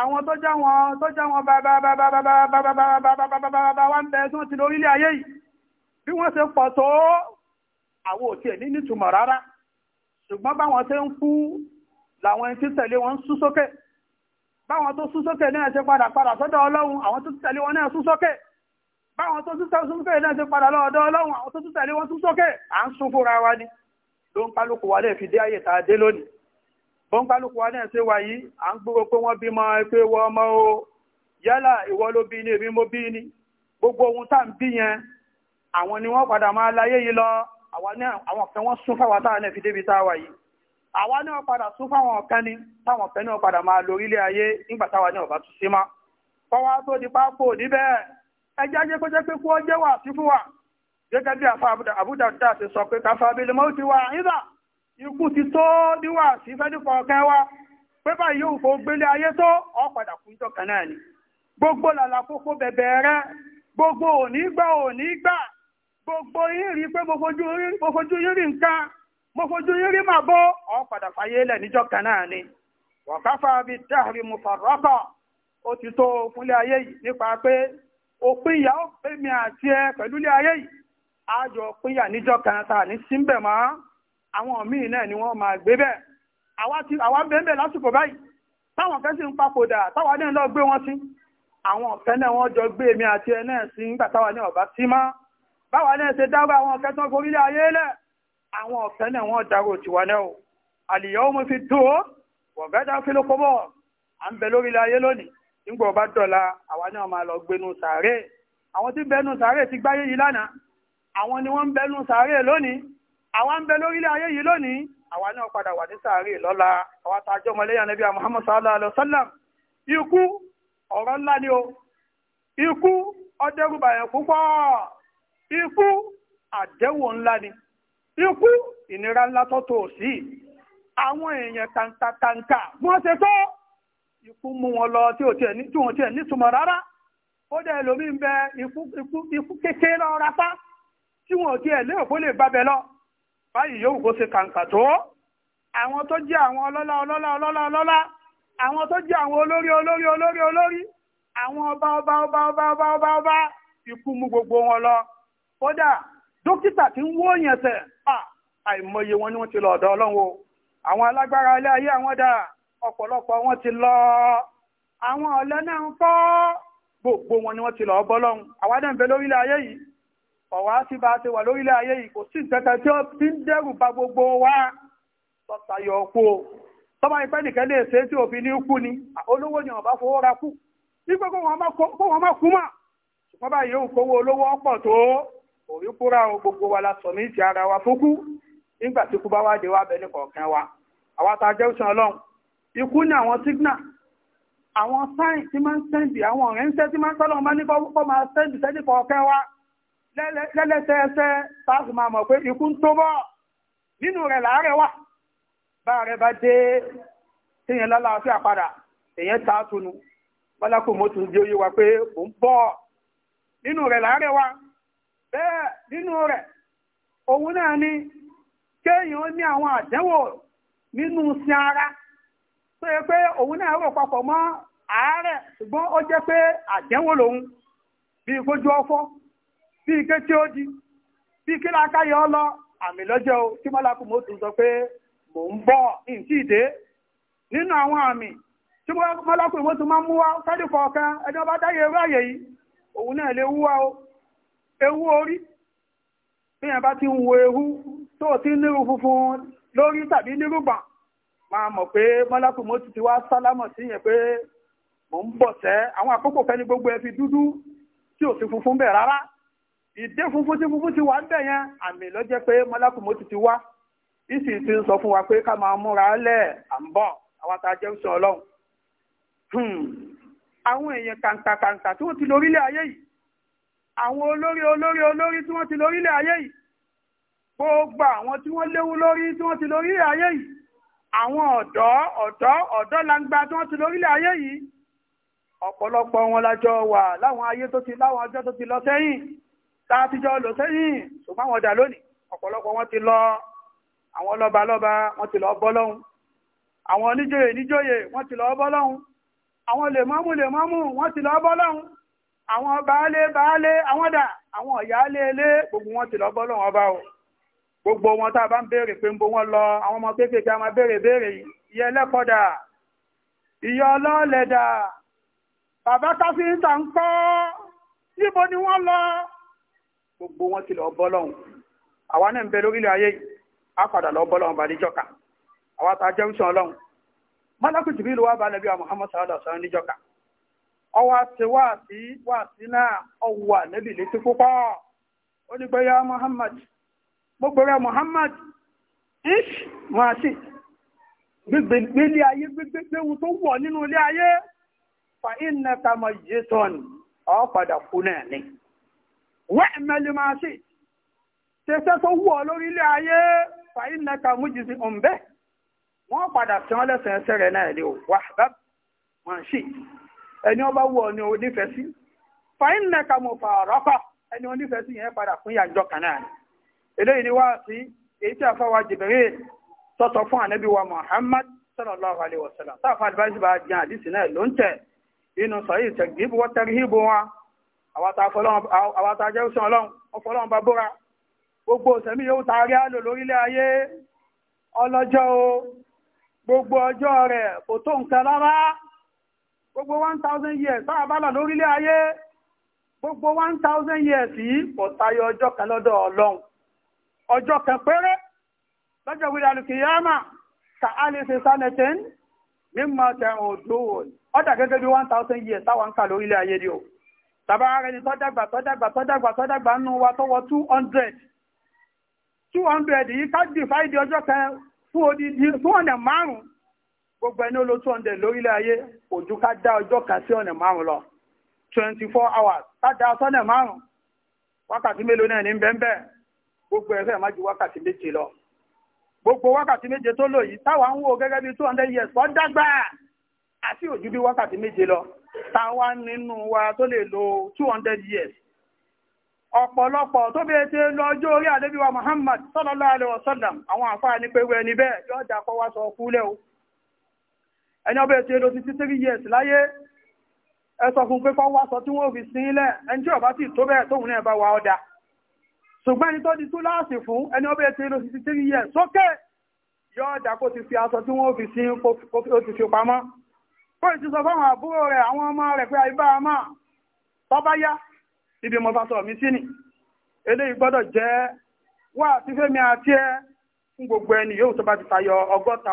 àwọn tó já wọn tó já wọn bá bá bá bá bá bá bá bá bá bá bá bá bá bá wá ń bẹ tí wọ́n ti lórílẹ̀ ayé yìí bí wọ́n ṣe pọ̀ tó àwọn ò tiẹ̀ ní nítumọ̀ rárá ṣùgbọ́n báwọn tẹ́ ń kú làwọn ẹni tí tẹ̀lé wọn ń sú sókè báwọn tó sú sókè náà ṣe padà padà sọ́dọ̀ ọlọ́run àwọn tó tẹ̀lé wọn náà sú sókè báwọn tó sú sókè náà ṣe padà lọ́dọ̀ ọlọ́run àwọn tó tẹ̀lé wọn sú sókè à ń sún fúnra wa ni ló ń kálukú wa náà fi dé ayé tá a dé lónìí bó ń kálukú wa náà ṣe wà yìí à ń gbúrò pé wọ́n bímọ pé wọ́n ọmọ o yálà ìwọ ló bí ni èmi mo bí ni gbogbo ohun tá ń bí yẹn àwọn ni wọ́n padà máa láyé yìí lọ àwa náà àwọn kan wọ́n sún fáwa táwa náà fi débi táwa yìí àwa náà padà sún fáwọn kan ní táwọn kan náà padà máa lo orílẹ̀ ayé nígbà táwa náà bá tún sí mọ́ kọ́wa tó di pápó níbẹ̀ ẹjẹ́ ajé kó jẹ́ pé kú jẹ́ wà sí fún wa gẹ́gẹ́ bí àfa àbúdà dá ti sọ pé káfa abẹ́lẹ̀ mọ́ ti wà nígbà ikú ti tó níwà sí fẹ́dúkọ̀ ọ̀kẹ́ wa pé báyìí yóò fò gbélé ayé tó ọ padà kú jọ kan náà ni gbogbo làlàkókó bẹ̀bẹ̀ rẹ gbogbo òní gbà òní gbà gbogbo yín rí pé mo fojú yín rí nǹkan mo fojú yín rí màá bọ́ ọ padà fàyè lẹ̀ níjọ́ kan náà ni wàkàfà bíi dáhìrì mùfàrọ́kọ̀ ó ti tó fúnlé ayé yìí nípa pé òpin ìyá ó pè mí àti ẹ pẹ̀lú ilé ayé yìí àjọ níjọ́ kan tá a ní mọ́ àwọn míì náà ni wọ́n máa gbé bẹ́ẹ̀ àwa lásìkò báyìí táwọn sì ń papòdà náà wọn sí àwọn náà jọ gbé báwa náà ṣe dábàá àwọn ọ̀kẹ́ tán gorí ayé lẹ̀ àwọn ọ̀kẹ́ náà wọ́n darò tiwa náà o àlìyàwó mo fi dùn ó wọ̀gádá fi ló kó bọ̀ à ń bẹ lórí ayé lónìí nígbà ọba dọ̀la àwa náà máa lọ gbénu sàárè àwọn tí bẹnu sàárè ti gbáyé yìí lánàá àwọn ni wọ́n ń bẹnu sàárè lónìí àwa ń bẹ lórí ayé yìí sallallahu alaihi wasallam ikú ọ̀rọ̀ ńlá ni o ikú àdẹ́wò ńlá ni ikú ìnira ńlá tó tó sí àwọn èèyàn tàǹtàǹtà wọ́n ṣe tó ikú mú wọn lọ tí wọ́n tiẹ̀ nítumọ̀ rárá ó dẹ̀ lómi ń bẹ ikú kékeré lọ rafá tí wọ́n tiẹ̀ lérò kó lè bábẹ́ lọ báyìí yóò kó ṣe kàǹkà tó àwọn tó jẹ́ àwọn ọlọ́lá ọlọ́lá ọlọ́lá ọlọ́lá àwọn tó jẹ́ àwọn olórí olórí olórí olórí àwọn ọba ọba ọba ọba ọba ọba ikú mú gbogbo wọn lọ kódà dókítà tí ń wó yẹn sẹ̀ àìmọye wọn ni wọ́n ti lọ ọ̀dọ̀ ọlọ́run o àwọn alágbára ilé ayé àwọn dà ọ̀pọ̀lọpọ̀ wọn ti lọ àwọn ọ̀lẹ náà ń kọ́ gbogbo wọn ni wọ́n ti lọ bọ́ lọ́run àwa dẹ̀ ń bẹ lórílẹ̀ ayé yìí ọ̀wá sí bá a wà lórílẹ̀ ayé yìí kò sí ìtẹ́tẹ́ tí ó ti ń dẹ́rù ba gbogbo wa tọ́ta yọ o tọ́ba ìpẹ́ nìkan lè ṣe tí òfin ní kú ni olówó ni ọ̀bá fowó ra kú nígbà kó wọn má kú mọ́ ṣùgbọ́n báyìí ó kówó olówó ọ̀pọ̀ tó òrí kúrò àwọn gbogbo wa la sọ ní ìtì ara wa fókú nígbà tí kú bá wá dé wá bẹ ní kọ̀ọ̀kan wa àwa tá a jẹ́ òṣìṣẹ́ ọlọ́run ikú ní àwọn sígínà àwọn sáìn tí máa ń sẹ́ǹdì àwọn ọ̀rẹ́ ń sẹ́ tí máa ń sọ́lọ́ máa ní kọ́ máa sẹ́ǹdì sẹ́ǹdì kọ̀ọ̀kan wa lẹ́lẹ́sẹẹsẹ táàfù máa mọ̀ pé ikú ń tó bọ́ nínú rẹ̀ láàárẹ̀ wà bá rẹ̀ bá dé tíyẹn lálàáfíà padà èyẹ tààtùnú bálákùnmọ́tún jẹ́ oyé wa pé òun bọ́ nínú rẹ̀ láàárẹ̀ wà bẹ́ẹ̀ nínú rẹ̀ òun náà ni kéèyàn ní àwọn àdánwò nínú sin ara tó yẹ pé òun náà rò papọ̀ mọ́ àárẹ̀ ṣùgbọ́n ó jẹ́ pé àdánwò lòun bíi kójú ọfọ́ bíi ké tí ó di bíi kí lákáyọ̀ lọ àmì lọ́jọ́ o tí mọ́lákùn mo sọ pé mò ń bọ̀ ìdé nínú àwọn àmì tí máa ń mú sẹ́dí kọ̀ọ̀kan ẹni ọba dáyé àyè yìí o ewu orí tí yẹn bá ti ń wo ewu tó ti nírú funfun lórí tàbí nírúgbà máa mọ̀ pé mọ́lákù mo ti ti wá sálámọ̀ sí yẹn pé mò ń bọ̀ sẹ́ àwọn àkókò fẹ́ ní gbogbo ẹ fi dúdú tí ò sí funfun bẹ̀ rárá ìdé funfun tí funfun ti wà ń bẹ̀ yẹn àmì ló jẹ́ pé mọ́lákù mo ti ti wá ìsì ti ń sọ fún wa pé ká máa múra lẹ̀ à ń bọ̀ àwọn tá a jẹ́ sọ ọlọ́run hmm. àwọn èèyàn kàǹkàkàǹkà tí wọ́n ti lórílẹ̀ ayé yìí àwọn olórí olórí olórí tí wọ́n ti lórílẹ̀ ayé yìí gbogbo àwọn tí wọ́n léwu lórí tí wọ́n ti lórílẹ̀ ayé yìí àwọn ọ̀dọ́ ọ̀dọ́ ọ̀dọ́ langba tí wọ́n ti lórílẹ̀ ayé yìí ọ̀pọ̀lọpọ̀ wọn lájọ wà láwọn ayé tó ti láwọn ọjọ́ tó ti lọ sẹ́yìn tààtijọ́ lọ sẹ́yìn ṣùgbọ́n àwọn ọjà lónìí ọ̀pọ̀lọpọ̀ wọn ti lọ àwọn lọ́ba lọ́ba wọn ti lọ bọ́ lọ́hùn àwọn oníjòyè níjòyè wọn ti lọ bọ́ lọ́hùn àwọn lèmọ́mù lèmọ́mù wọn ti lọ bọ́ lọ́hùn àwọn baálé baálé àwọn dà àwọn ìyáálé ilé gbogbo wọn ti lọ bọ́ lọ́wọ́ ọba o gbogbo wọn tá a bá ń béèrè pé ń bo wọn lọ àwọn ọmọ kéékèèké a máa béèrè béèrè ìyá ìyá bàbá ń kọ́ níbo ni wọ́n lọ gbogbo wọn ti lọ bọ́ àwa náà ń bẹ lórílẹ̀ ayé yìí padà lọ bọ́ àwa ta jẹ́ mọ́lákùtù bí ìlú wa wa sallallahu ọwọ́ ti wá sí wá sí náà ọwọ́ ànẹ́bì létí púpọ̀ ó ní gbẹ́yà Muhammad mo gbẹ́rẹ́ Muhammad ish mashi gbígbélé ayé gbégbégbéwu tó wọ̀ nínú ilé ayé fa iná kama jésùn ọ̀ padà kú náà ni wẹ́ẹ̀mẹ́lì mashi tẹsẹ́ tó wọ̀ lórí ilé ayé fa iná kama jésùn ọ̀nbẹ́ wọ́n padà sí wọn lẹ́sẹ̀ rẹ̀ náà ni wà bá mashi ẹni ọba wù ọ ni onífẹsí. Fa sí fàyín nẹka mo fà rọ́pà ẹni o yẹn padà fún ìyàjọ kan eléyìí ni wá sí èyí tí a fún wa Muhammad sallallahu alayhi wa sallam táàfà àdìbáṣe bá jẹun àdìsí náà ló ń tẹ̀ inú wọ́n àwọn ọlọ́run ọfọlọ́run bá bóra gbogbo yóò àlò lórílẹ̀ ayé ọlọ́jọ́ o gbogbo ọjọ́ rẹ̀ kò tó nǹkan gbogbo one thousand years tá a bá lọ lórílẹ̀ ayé gbogbo one thousand years yìí kò tayọ ọjọ́ kan lọ́dọ̀ ọlọ́run ọjọ́ kan péré lọ́jọ́ wíwá alùkìyàmà ka a lè ṣe sanẹtẹ́n mímọ tẹ̀hún òdò ọjà gẹ́gẹ́ bí one thousand years táwọn ń kà lórílẹ̀ ayé ni o tàbá ara ẹni tọ́dàgbà tọ́dàgbà tọ́dàgbà tọ́dàgbà nù wa tọwọ́ two hundred two hundred yìí ká dìfáìdì ọjọ́ kan fún odidi two hundred márùn-ún gbogbo ẹni ó ló two hundred lórílẹ̀ ayé òjú ká dá ọjọ́ kan sí ọ̀nà márùn lọ twenty four hours ká dá sọ́nà márùn wákàtí mélòó náà ní bẹ́ẹ̀ gbogbo ẹ̀fẹ́ má ju wákàtí méje lọ gbogbo wákàtí méje tó lò yìí táwa ń wo gẹ́gẹ́ bí two hundred years kọ́ dágbà àti òjú bí wákàtí méje lọ táwa nínú wa tó lè lo two hundred years ọ̀pọ̀lọpọ̀ tó bí ẹtẹ́ lọ orí àdébíwá Muhammad sallallahu alaihi wasallam àwọn àfáà ní pé wẹ́ẹ́ ní bẹ́ẹ̀ yóò kọ́ wá sọ kúlẹ̀ o. ẹni ọbẹ̀ ti elosi fifty three years láyé ẹ fún pé kọ́ sọ tí wọ́n fi sin ilẹ̀ ẹni ọba ti tó bẹ́ẹ̀ tóun náà bá wa ọ̀dà ṣùgbọ́n ẹni tó di fún ẹni ọbẹ̀ ti elosi fifty three years sókè yọ ọ̀dà kó ti fi aṣọ tí wọ́n fi sin kó ti fi pamọ́ kó sọ fáwọn àbúrò rẹ̀ àwọn ọmọ rẹ̀ pé àyíbá a máa tọ́ yá ibi mo sí ni eléyìí gbọ́dọ̀ jẹ́ gbogbo ẹni yóò tó bá ti tayọ ọgọ́ta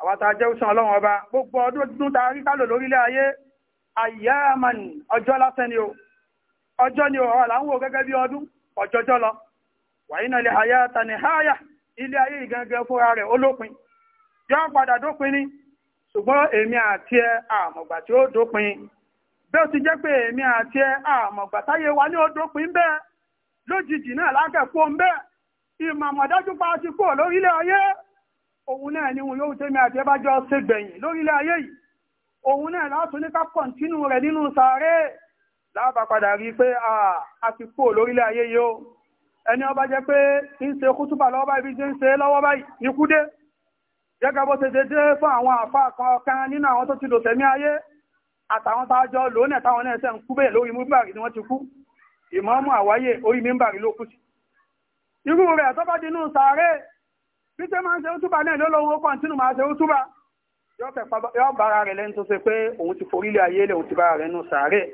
àwọn tá a jẹ́ òsàn ọlọ́run ọba gbogbo ọdún tuntun ta rí kálò lórílẹ̀ ayé àyàmánì ọjọ́ lásán ni o ọjọ́ ni ọ̀rọ̀ là ń wò gẹ́gẹ́ bí ọdún ọjọ́jọ́ lọ wàyínà ilẹ̀ àyà tani háyà ilé ayé ìgangan fúnra rẹ̀ ó lópin yọ padà dópin ni ṣùgbọ́n èmi àti ẹ àmọ̀gbà tí ó dópin bí ó ti jẹ́ pé èmi àti ẹ àmọ̀gbà táyé wa ní ó dópin bẹ́ẹ̀ lójijì náà lákẹ̀kọ́ ń bẹ́ẹ̀ ìmọ̀ òun náà ni òun yóò tẹ́mi àjẹ́bájọ́ ṣe gbẹ̀yìn lórílẹ̀ ayé yìí òun náà látún ní ká kọ̀ntínú rẹ̀ nínú láàbà padà rí pé a ti kó lórílẹ̀ ayé yìí ẹni ọba jẹ́ pé ń ṣe kútùbà lọ́wọ́ báyìí ṣe ń ṣe lọ́wọ́ báyìí gẹ́gẹ́ bó ṣe ṣe dé fún àwọn àfa kan nínú àwọn tó ti lò tẹ̀mí ayé àtàwọn kú bẹ́ẹ̀ lórí mímbàrí ni wọ́n bí ṣe máa ń ṣe útúbà náà ló lóun ó kọ́ńtínú máa ṣe útúbà yóò bára rẹ̀ lẹ́nu tó ṣe pé òun ti forí ilé ayé lè òun ti bára rẹ̀ nù sàárẹ̀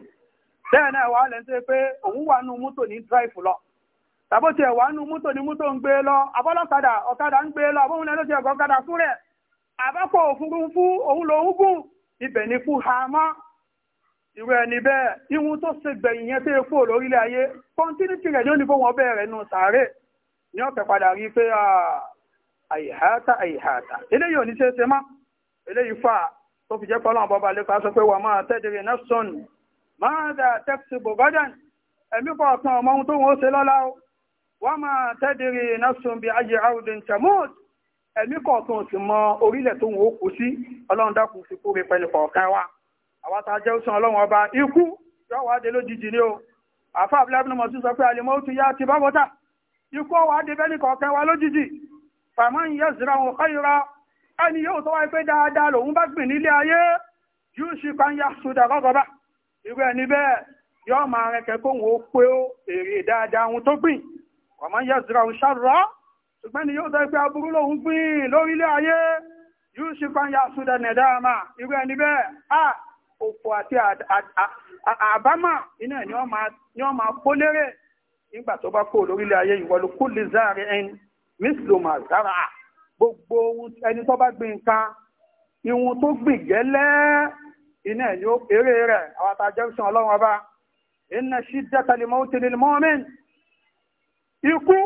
bẹ́ẹ̀ náà wà lẹ́nu tó ṣe pé òun wà nù mọ́tò ní dráìfù lọ tàbó tiẹ̀ wà nù mọ́tò ní mọ́tò ń gbé lọ abọ́lọ́kadà ọ̀kadà ń gbé lọ àbóhun lẹ́nu tiẹ̀ gọ́kadà fún rẹ̀ àbápọ̀ òfurufú òun lòún gùn ibẹ̀ ní kú ha mọ́ ìwé ẹni bẹ́ẹ̀ ihun tó ṣe gbẹ̀yìn yẹn tó yẹ kúrò lórílẹ̀ ayé kọ́ńtínítì rẹ̀ ní àìháta àìháta eléyìí ò ní ṣeéṣe má eléyìí fà tó fi jẹ́ pọ́lọ́n bọ́ba lẹ́kọ́ sọ pé wà máa tẹ́jẹrẹ náà sọnù máa dà tẹ́kisì bọ̀gádàn ẹ̀mí kọ̀ọ̀kan ọmọ ohun tó wọ́n ṣe lọ́la o wà máa tẹ́jẹrẹ náà sùn bí ayé àrùdìn tamud ẹ̀mí kọ̀ọ̀kan sì mọ orílẹ̀ tó wọ́n kù sí ọlọ́run dákun sí kúrè pẹ̀lú kọ̀ọ̀kan wa àwa tá a jẹ́ òsàn ọlọ́run ọba ikú yóò wá dé lójijì ni o àfa abúlé abúlé mọ̀ sí sọ pé àlè mọ́ ó ti yá ti bá wọ́tà ikú ọ̀wá dé bẹ́ẹ̀ ní kọ̀ọ̀kan wa lójijì fàmọ́ ń yẹ zira wọn kọ́yìnrọ ẹni yóò tó wáyé pé dáadáa lòun bá gbìn nílé ayé yóò ṣe bá ń ya sódà rọ́gọ́bà irú ẹni bẹ́ẹ̀ yóò máa rẹ̀kẹ́ kó wọn ó pé ó èrè dáadáa wọn tó gbìn fàmọ́ ń yẹ zira wọn ṣàrọ̀ ṣùgbọ́n ni yóò tó pé aburú lòun gbìn lórílẹ̀ ayé yóò ṣe bá ń ya sódà nẹ̀dáàmà irú ẹni bẹ́ẹ̀ a òfò àti àbámà iná ni wọ́n máa kó lérè nígbà tó bá kó lórílẹ̀ ayé ìwọlù kó lè záàrin ẹni mísùlùmá zara gbogbo ẹni tó bá gbìn nǹkan ìwọ̀n tó gbìn gẹ́lẹ́ iná ẹ̀ yóò eré rẹ̀ àwọn àtàjẹ́ sùn ọlọ́run ọba iná sí dẹ́tàlímọ́ ó ti lè mọ́mìn ikú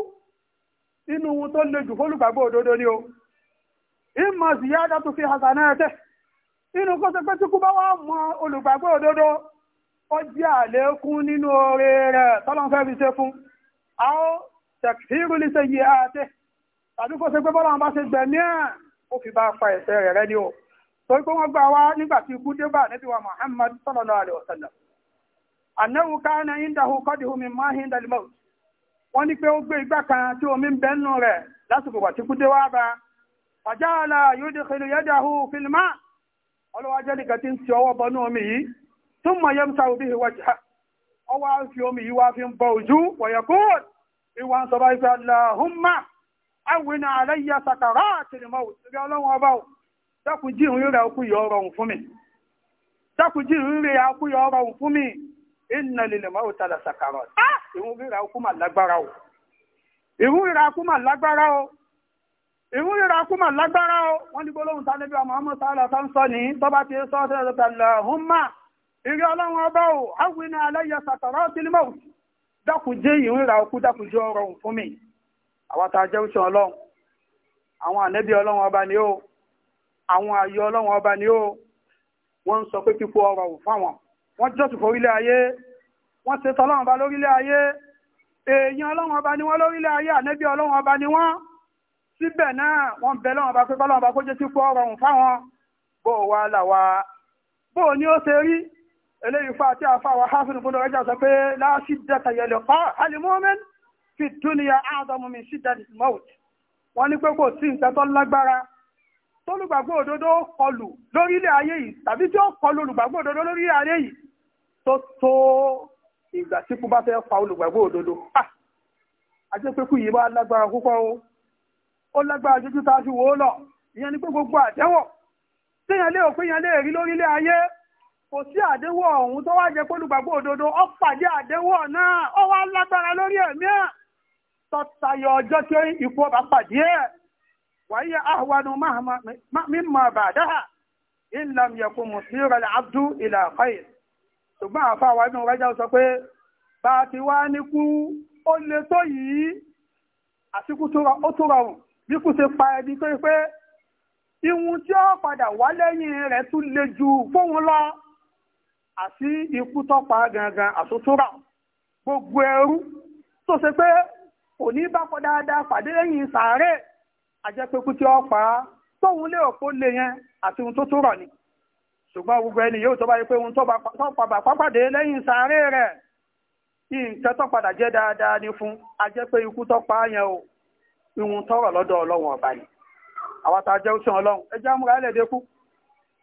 inú ohun tó le jù fólùgbàgbọ́ òdodo ni o ìmọ̀ ziyada tó fi hasanà ẹ̀tẹ́ inú kó sọ tí kú bá wá mọ olùgbàgbọ́ òdodo ó jẹ́ àlékún nínú oore rẹ̀ tọ́lọ́n fi ṣe fún àwọn tẹ̀kìrìlì ṣe yìí àtẹ́ tàbí kó ṣe pé bọ́lá wọn bá ṣe gbẹ̀mí ẹ̀ ó fi bá pa ẹ̀ṣẹ̀ rẹ̀ rẹ́ ni o torí pé wọ́n gbà wá nígbà tí ikú dé bá ànábì wa Muhammad sallallahu alaihi wasallam annahu kana indahu qadihu min ma hinda al-maut wọ́n ní pé ó gbé igbá kan tí omi ń bẹ́nu rẹ̀ lásìkò wà tí ikú dé wá bá fajala yudkhilu yadahu fil ma ọlọ́wọ́ jẹ́ nìkan tí ń ti ọwọ́ bọnú omi yìí thumma yamsahu bihi wajha ọwọ́ fi omi yìí wá fi ń bọ ojú wa yaqul ìwà ń sọ awina alayya sakaratil maut rí ọlọ́run ọba ò dákun jí ìrìn rẹ̀ ọkú yọ ọrọ̀run fún mi dákun jí ìrìn rẹ̀ ọkú yọ ọrọ̀run fún mi inna lil maut la sakarat ah ìrìn rẹ̀ ọkú mà lágbára o ìrìn rẹ̀ ọkú mà lágbára o ìrìn rẹ̀ ọkú mà lágbára o wọ́n ní gbólóhùn tá níbi ọmọ ọmọ sáálà tá ń sọ ní tó bá ti sọ ọ́ Allahumma ìrìn ọlọ́run ọba ò awina alayya sakaratil maut dákun jí ìrìn rẹ̀ ọkú dákun jí àwọn tá a jẹ́ òṣìṣẹ́ ọlọ́run àwọn ànẹ́bí ọlọ́run ọba ni ó àwọn ayọ̀ ọlọ́run ọba ni ó wọ́n ń sọ pé kíkó ọrọ̀ ò fáwọn wọ́n jọ́sù forílẹ̀ ayé wọ́n ṣe tọ́lọ́run ọba lórílẹ̀ ayé èèyàn ọlọ́run ọba ni wọ́n lórílẹ̀ ayé ànẹ́bí ọlọ́run ọba ni wọ́n síbẹ̀ náà wọ́n bẹ lọ́run ọba pé bọ́lọ́run ọba kó jẹ́ kíkó ọrọ̀ fáwọn bó wa là wa bó ni ó ṣe rí eléyìí fa àti àfa àwọn hafi nìkúndọ̀ rẹ́jà sọ pé láàṣì dẹ́ta yẹlẹ̀ pa alimomen fi dúnìyà áàdọ́mù mi sí dadi mọ́ọ̀t wọ́n ní pé kò sí nǹkan tó lágbára tólùgbàgbọ́ òdodo kọlù lórílẹ̀ ayé yìí tàbí tí ó kọlù olùgbàgbọ́ òdodo lórílẹ̀ ayé yìí tó tó ìgbà tí kú bá fẹ́ pa olùgbàgbọ́ òdodo àjẹpẹ́kù yìí bá lágbára púpọ̀ o ó lágbára jújú tá a fi wò ó lọ ìyẹn ni pé gbogbo àdẹ́wọ̀ téèyàn lé òpin yẹn lè rí lórílẹ̀ ayé kò sí àdẹ́wọ̀ ọ̀hún tó wá jẹ́ pé olùgbàgbọ́ òdodo ó pàdé àdẹ́wọ̀ náà ó wá lágbára lórí ẹ̀mí ẹ̀ tọ́tayọ ọjọ́ tí ikú ọba pàdé ẹ̀ wáyé ahwanu mímọ̀ bàdáhà ìlàm yẹ̀kùn mùsùlùmí abdú ìlà àfáì ṣùgbọ́n àfa wa inú rẹ́jà sọ pé bá a ti wá níkú ó lè tó yìí àtikú ó tó rọrùn bí kú ṣe pa ẹni tó pé ìwọ̀n tí ó padà wá lẹ́yìn rẹ̀ tún le ju fóun lọ àti ikú tó gangan àtúntúrà gbogbo ẹrú tó ṣe pé kò bá kọ dáadáa pàdé lẹ́yìn saare àjẹpẹ́kú tí ó pa á tóun lé òpó lè yẹn àti ohun tó tó rọ̀ ni ṣùgbọ́n gbogbo ẹni yóò tó bá yẹ pé ohun tó pàbà pápàdé lẹ́yìn sàárè rẹ̀ nǹkan tó padà jẹ́ dáadáa ni fún pa á yẹn o ìhun tọrọ lọ́dọ̀ ọlọ́run ni àwọn ọlọ́run ẹjẹ́ amúra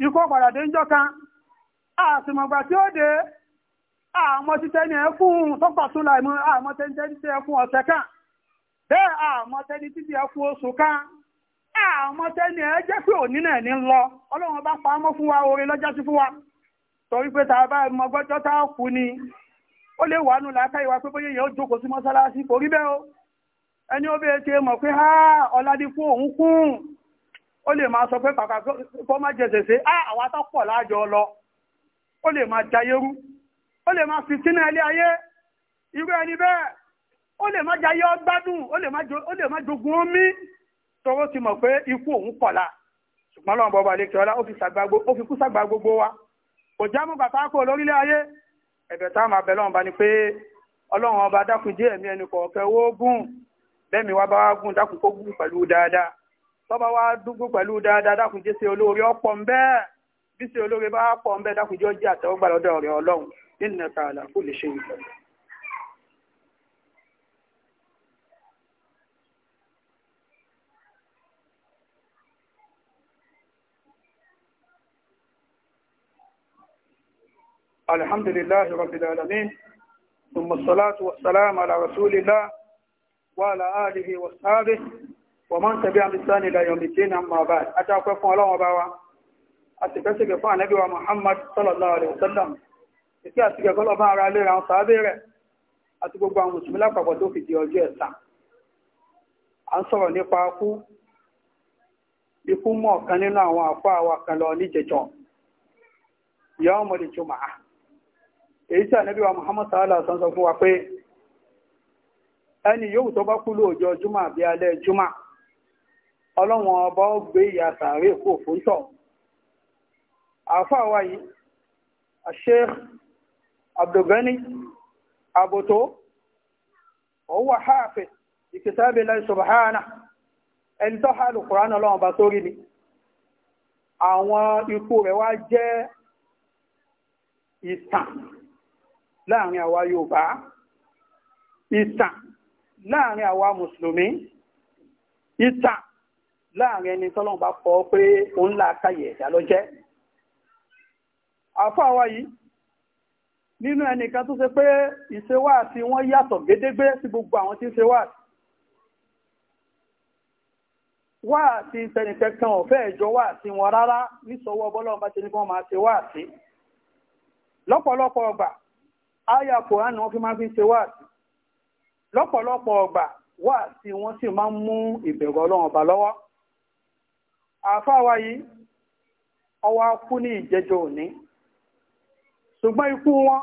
ikú padà dé kan àtìmọ̀gbà tí ó dé àmọ́ bẹ́ẹ̀ àmọ́tẹ́ni títí ẹ kú oṣù kan àmọ́tẹ́ni ẹ jẹ́ pé òní náà lọ ọlọ́run bá pa mọ́ fún wa orin lọ́jọ́ sí fún wa torí pé tá a bá mọ gbọ́jọ́ a kú ni ó lè wà nù látàrí ìwà pé bóyá yẹn ó jókòó sí mọ́sálásí kò rí bẹ́ẹ̀ o ẹni ó bẹ́ẹ̀ ṣe mọ̀ pé ọ̀làdí fún òun kún ó sọ pé kó má àwa tó lọ ó lè máa jayé rú ó lè máa fi sínú ilé ayé irú ẹni bẹ́ẹ̀ ó lè má jayé ọgbádùn ó lè má jogun omi tọwọ́ ti mọ̀ pé ikú òun kọ̀la ṣùgbọ́n lọ́wọ́ bọ́ba lè kíọ́lá ó fi kú sàgbà gbogbo wa kò já mú bàtà kó lórílẹ̀ ayé ẹ̀bẹ̀ tá máa bẹ̀ lọ́wọ́ bá ni pé ọlọ́run ọba dákun jẹ́ ẹ̀mí ẹni kọ̀ọ̀kẹ́ ó gùn bẹ́ẹ̀mí wa bá wá gùn dákun kó gùn pẹ̀lú dáadáa tọ́ba wá dúgùn pẹ̀lú dáadáa dákun jẹ́ sí olóore ọ̀pọ̀ ń bẹ́ẹ̀ bí sí olóore bá pọ̀ ń bẹ́ẹ̀ dákun jẹ́ ọjà àtẹ́wọ́gbà lọ́dọ̀ rẹ̀ ọlọ́run nínú ẹ̀ka àlàkù lè ṣe ìfẹ́. الحمد لله رب العالمين ثم الصلاة والسلام على رسول الله وعلى آله وصحبه ومن تبع بسان إلى يوم الدين أما بعد أتعقفوا الله وبعوا أتكسك فعن نبي محمد صلى الله عليه وسلم ìkí àti ẹ̀kọ́ lọ́bá ara lè ra ọ̀sàábẹ́ rẹ̀ àti gbogbo àwọn mùsùlùmí lápapọ̀ tó fi di ọjọ́ ẹ̀san a ń sọ̀rọ̀ nípa kú ikú mọ̀ kan nínú èyí tí ànábì wa Muhammad sàálà sọ fún wa pé ẹni yóò tó bá kú lóòjọ́ júmà bí alẹ́ júmà ọlọ́wọ́n ọba ó gbé ìyà sàárè kò fún tọ̀ àáfàá wa yìí Sheikh Abdulgani Aboto ọwọ́ haafẹ́ ìkìtàbí láì subhana ẹni tó hàlù kùránà ọlọ́wọ́n bá sórí ni àwọn ikú rẹ̀ wá jẹ́ ìtàn láàrin àwa Yorùbá ìtàn láàrin àwa mùsùlùmí ìtàn láàrin ẹni tọ́lọ́run bá fọ́ pé òun làákàyè ẹ̀dá ló jẹ́ àfọ́ àwa yìí nínú ẹnìkan tó ṣe pé ìṣewáàsí wọ́n yàtọ̀ gédégbé sí gbogbo àwọn tí ń ṣe wáàsí wáàsí tẹnìkẹ̀kan ọ̀fẹ́ ìjọ wáàsí wọn rárá nísọwọ́ bọ́lọ́run bá ṣe ní kí wọ́n máa ṣe wáàsí lọ́pọ̀lọpọ̀ ọgbà àyà kòrán ni wọ́n fi máa fi ṣe wáàsí lọ́pọ̀lọpọ̀ ọgbà wáàsí wọ́n sì máa ń mú ìbẹ̀rù ọlọ́run lọ́wọ́ àáfàá wa yìí ọwọ́ kú ní ìjẹjọ òní ṣùgbọ́n ikú wọn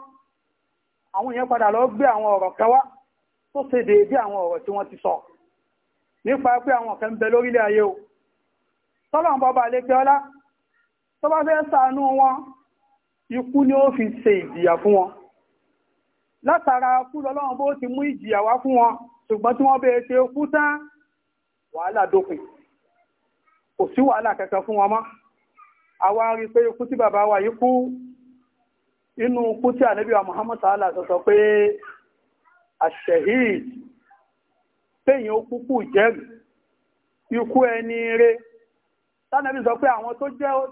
àwọn èèyàn padà lọ gbé àwọn ọ̀rọ̀ kẹwàá tó ṣe déédé àwọn ọ̀rọ̀ tí wọ́n ti sọ nípa pé àwọn kan bẹ lórílẹ̀ ayé o tọ́lọ̀n bọ́ba lékè tó bá fẹ́ ṣàánú wọn ikú ni ó fi ṣe ìdìyà fún wọn látara kú lọ́lọ́run bó ti mú ìjìyà wá fún wọn ṣùgbọ́n tí wọ́n bẹ̀ẹ́ ṣe kú tán wàhálà dópin kò sí wàhálà kankan fún wọn mọ́ àwa rí pé ikú tí bàbá wa yìí kú inú ikú tí ànábì Muhammad sàálà sọ pé àṣẹ̀hìd téèyàn ó kúkú jẹ́rìí ikú ẹni rẹ̀ tánàbí sọ pé àwọn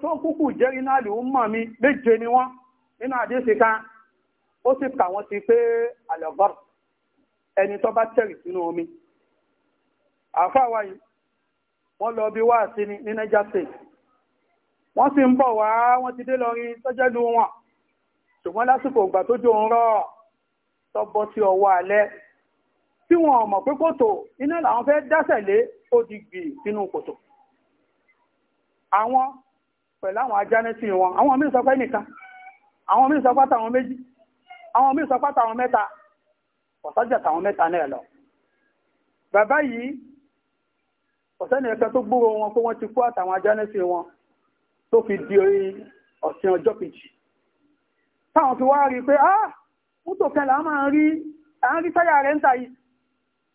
tó kúkú jẹ́rìí náà lè ń mọ̀ mi méje ni wọ́n nínú àdéṣe kan ó sì kà wọ́n sí pé alọ́gọ́r ẹni tó bá tẹ̀rì sínú omi àáfàá wa yìí wọ́n lọ bí wá sí ní Niger State wọ́n sì ń bọ̀ wá wọ́n ti dé lọrin tọ́jẹ́lu wọn ṣùgbọ́n lásìkò ìgbà tó jò ń rọ̀ tọ́bọ́ sí ọwọ́ alẹ́ tí wọ́n mọ̀ pé kòtò iná làwọn fẹ́ dásẹ̀ lé ó di gbì sínú kòtò àwọn pẹ̀lú àwọn ajánẹ́sì wọn àwọn míì sọ pé nìkan àwọn míì sọ pé àtàwọn méjì àwọn míì sọ pátá àwọn mẹ́ta ọ̀sọ́jà táwọn mẹ́ta náà lọ bàbá yìí ọ̀sẹ́ni ẹ̀ka tó gbúrò wọn pé wọ́n ti kú àtàwọn ajánẹ́sì wọn tó fi di ọ̀sìn ọjọ́ kejì táwọn fi wá rí pé ah mútò kan là máa ń rí à ń rí táyà rẹ̀ ń ta yìí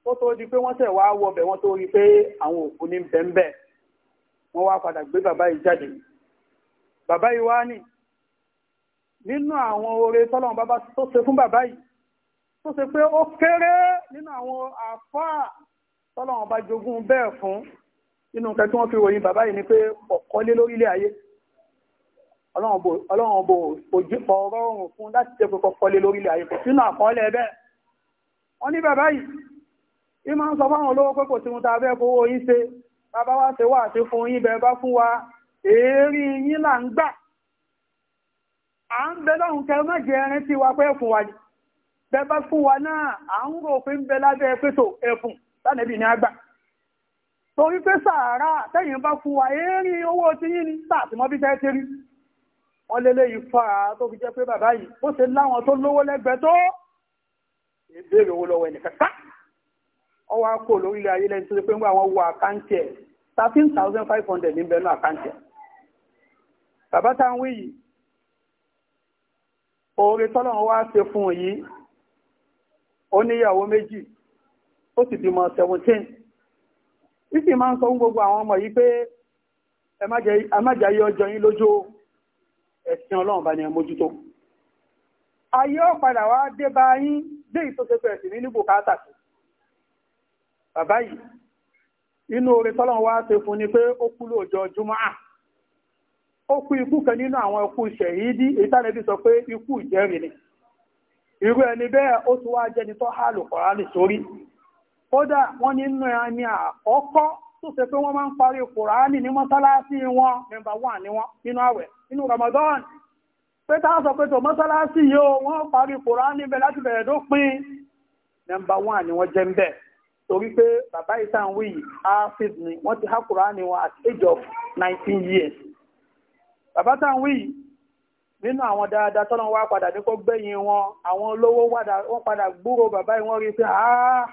ó tó di pé wọ́n tẹ̀ wá wọ bẹ̀ wọ́n tó rí pé àwọn òkú ní bẹ́ńbẹ́ wọ́n wá padà gbé bàbá yìí jáde bàbá yìí wá ní nínú àwọn oore tọ́lọ́run bàbá tó ṣe fún bàbá yìí tó ṣe pé ó kéré nínú àwọn àfáà tọ́lọ́run bá jogún bẹ́ẹ̀ fún nínú nǹkan tí wọ́n fi ròyìn bàbá yìí ni pé ọ̀kọ́lé lórí ilé ayé ọlọ́run bò ọ̀rọ̀ ọ̀rùn fún láti jẹ́ pẹ́kọ́ kọ́lé lórí ilé ayé kò sínú àkọọ́lẹ̀ bẹ́ẹ̀ wọ́n ní bàbá yìí ní máa ń sọ fáwọn olówó pé kò sí ohun tá a fẹ́ fowó yín ṣe bàbá wa ṣe wà sí fún yín bẹ́ẹ̀ bá fún wa èérí yín là ń gbà à ń bẹ lọ́hùn kẹ má jẹ ẹrin tí wa pé ẹ̀fún wa ni bẹ bá fún wa náà à ń rò pé ń bẹ lábẹ́ pẹ́tò ẹ̀fún lánàbì ní àgbà torí pé sàárà tẹ́yìn bá fún wa èérí owó tí yín ni sáà tí wọ́n bí tẹ́ tẹ́rí wọ́n lélẹ̀ yìí fa tó fi jẹ́ pé bàbá yìí ó ṣe láwọn tó lówó lẹ́gbẹ̀ẹ́ tó ìbéèrè owó lọ́wọ́ ẹnìkan ká ọwọ́ akó lórílẹ̀ ayé lẹ́yìn tó ṣe pé ń wá thirteen thousand five hundred ní bẹ́ẹ̀ náà àkáǹtì ẹ̀ bàbá táwọn yìí oore tọ́lọ́run wá ṣe fún un yìí ó níyàwó méjì ó sì bímọ 17 ìsì máa ń sọ fún gbogbo àwọn ọmọ yìí pé ẹ má jẹ́ ayé ọjọ́ yín lójú ẹ̀sìn ọlọ́run bá ní ẹ mójútó ayé ó padà wá dé bá yín dé ìtòsẹ́fẹ́ ẹ̀sìn ní bùkátà sí bàbá yìí inú oore tọ́lọ́run wá ṣe fún ni pé ó kú lóòjọ́ jùmọ́ ó ikú nínú àwọn ikú ṣẹ̀yídí ìtànẹ́bí sọ pé ikú ìjẹ́rìí ni irú ẹni bẹ́ẹ̀ ó tún wá jẹ́ni tó há lùkọ̀ránì sórí kódà wọ́n ní inú ẹran ni àkọ́kọ́ tó ṣe pé wọn nọ́mbà wà ní wọn nínú àwẹ̀ nínú Ramadan pé a sọ pé tó mọ́sálásí wọ́n parí pin wà ní wọn jẹ́ torí pé bàbá wọ́n ti há wọn at age of nineteen years bàbá tá à ń wí yìí nínú àwọn dáadáa tọ́lọ́ wá padà ní kó gbẹ̀yìn wọn àwọn olówó wọ́n padà gbúrò bàbá yìí wọ́n rí pé àá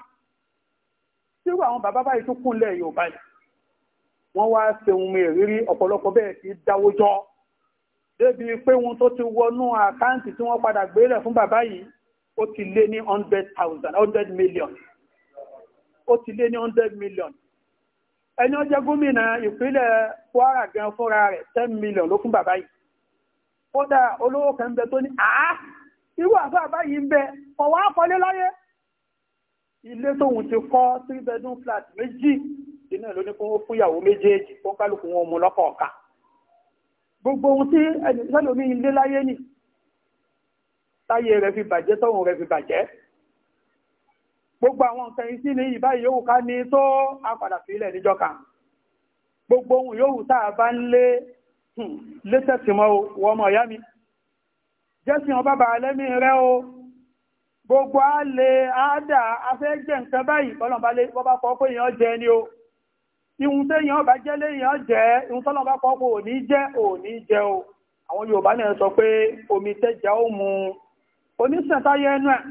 síwọ́ àwọn bàbá báyìí tún kúnlẹ̀ Yorùbá yìí wọ́n wá ṣe ohun ìrírí ọ̀pọ̀lọpọ̀ bẹ́ẹ̀ ti dáwó jọ débi pé wọn tó ti wọnú àkáǹtì tí wọ́n padà gbélẹ̀ fún bàbá yìí ó ti lé ní hundred thousand hundred million ó ti lé ní hundred million ẹni ó jẹ́ gómìnà ìpínlẹ̀ Kwara gan fúnra rẹ̀ ten million ló fún bàbá yìí kódà olówó kan bẹ tó ní àá irú àfáà báyìí ń bẹ ọ̀wọ́ àkọlé láyé ilé tóun ti kọ́ three bedroom flat méjì ìdínà ló ní kó fún ìyàwó méjèèjì kó kálukú wọn mú lọ́kọ̀ọ̀kan gbogbo ohun tí ẹnìkan lómi ilé láyé nì táyé rẹ̀ fi bàjẹ́ tọ́hún rẹ̀ fi bàjẹ́ gbogbo àwọn nǹkan isí ní ìbá ìyówù ká ní tó apàdà sílẹ̀ níjọ́ kan gbogbo ohun yóò tàà bá ń lé hmm, létẹ̀sìmọ́ wọ ọmọ ìyá mi jẹ́sìn ọba bà lẹ́mí rẹ o gbogbo á lè áádà afẹ́ jẹ́ nǹkan báyìí ọlọ́mbà lé bọ́bá kọ́ pé èèyàn jẹ ni o ihun tó èèyàn bá jẹ́ lé èèyàn jẹ́ ihun tó lọ́mbà kọ́ pé òní jẹ́ òní jẹ́ o àwọn Yorùbá náà sọ pé omi tẹ́jà ó mu onísẹ̀táyé ẹnu ẹ̀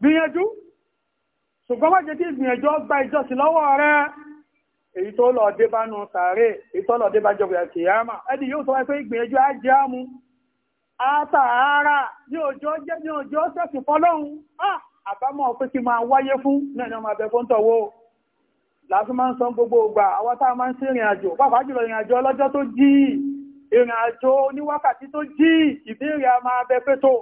gbìyànjú ṣùgbọ́n má jẹ́ kí ìgbìyànjú ọgbà ìjọsìn lọ́wọ́ rẹ èyí tó lọ dé bá nù sàárè èyí tó lọ dé bá jọba kìyàmà ẹni yóò sọ wáyé pé ìgbìyànjú á jẹ́ àmú àtàárà ní òjò jẹ́ ní òjò sẹ́sì fọlọ́hun àbámọ̀ pé kí máa wáyé fún náà ni ọmọ abẹ fún tọ̀wọ́ lásán máa gbogbo ìgbà àwọn tá a máa ń sí ìrìn àjò pàápàá jùlọ ìrìn àjò ọlọ́jọ́ tó jí ìrìn àjò oníwákàtí tó jí ìbéèrè a máa bẹ tó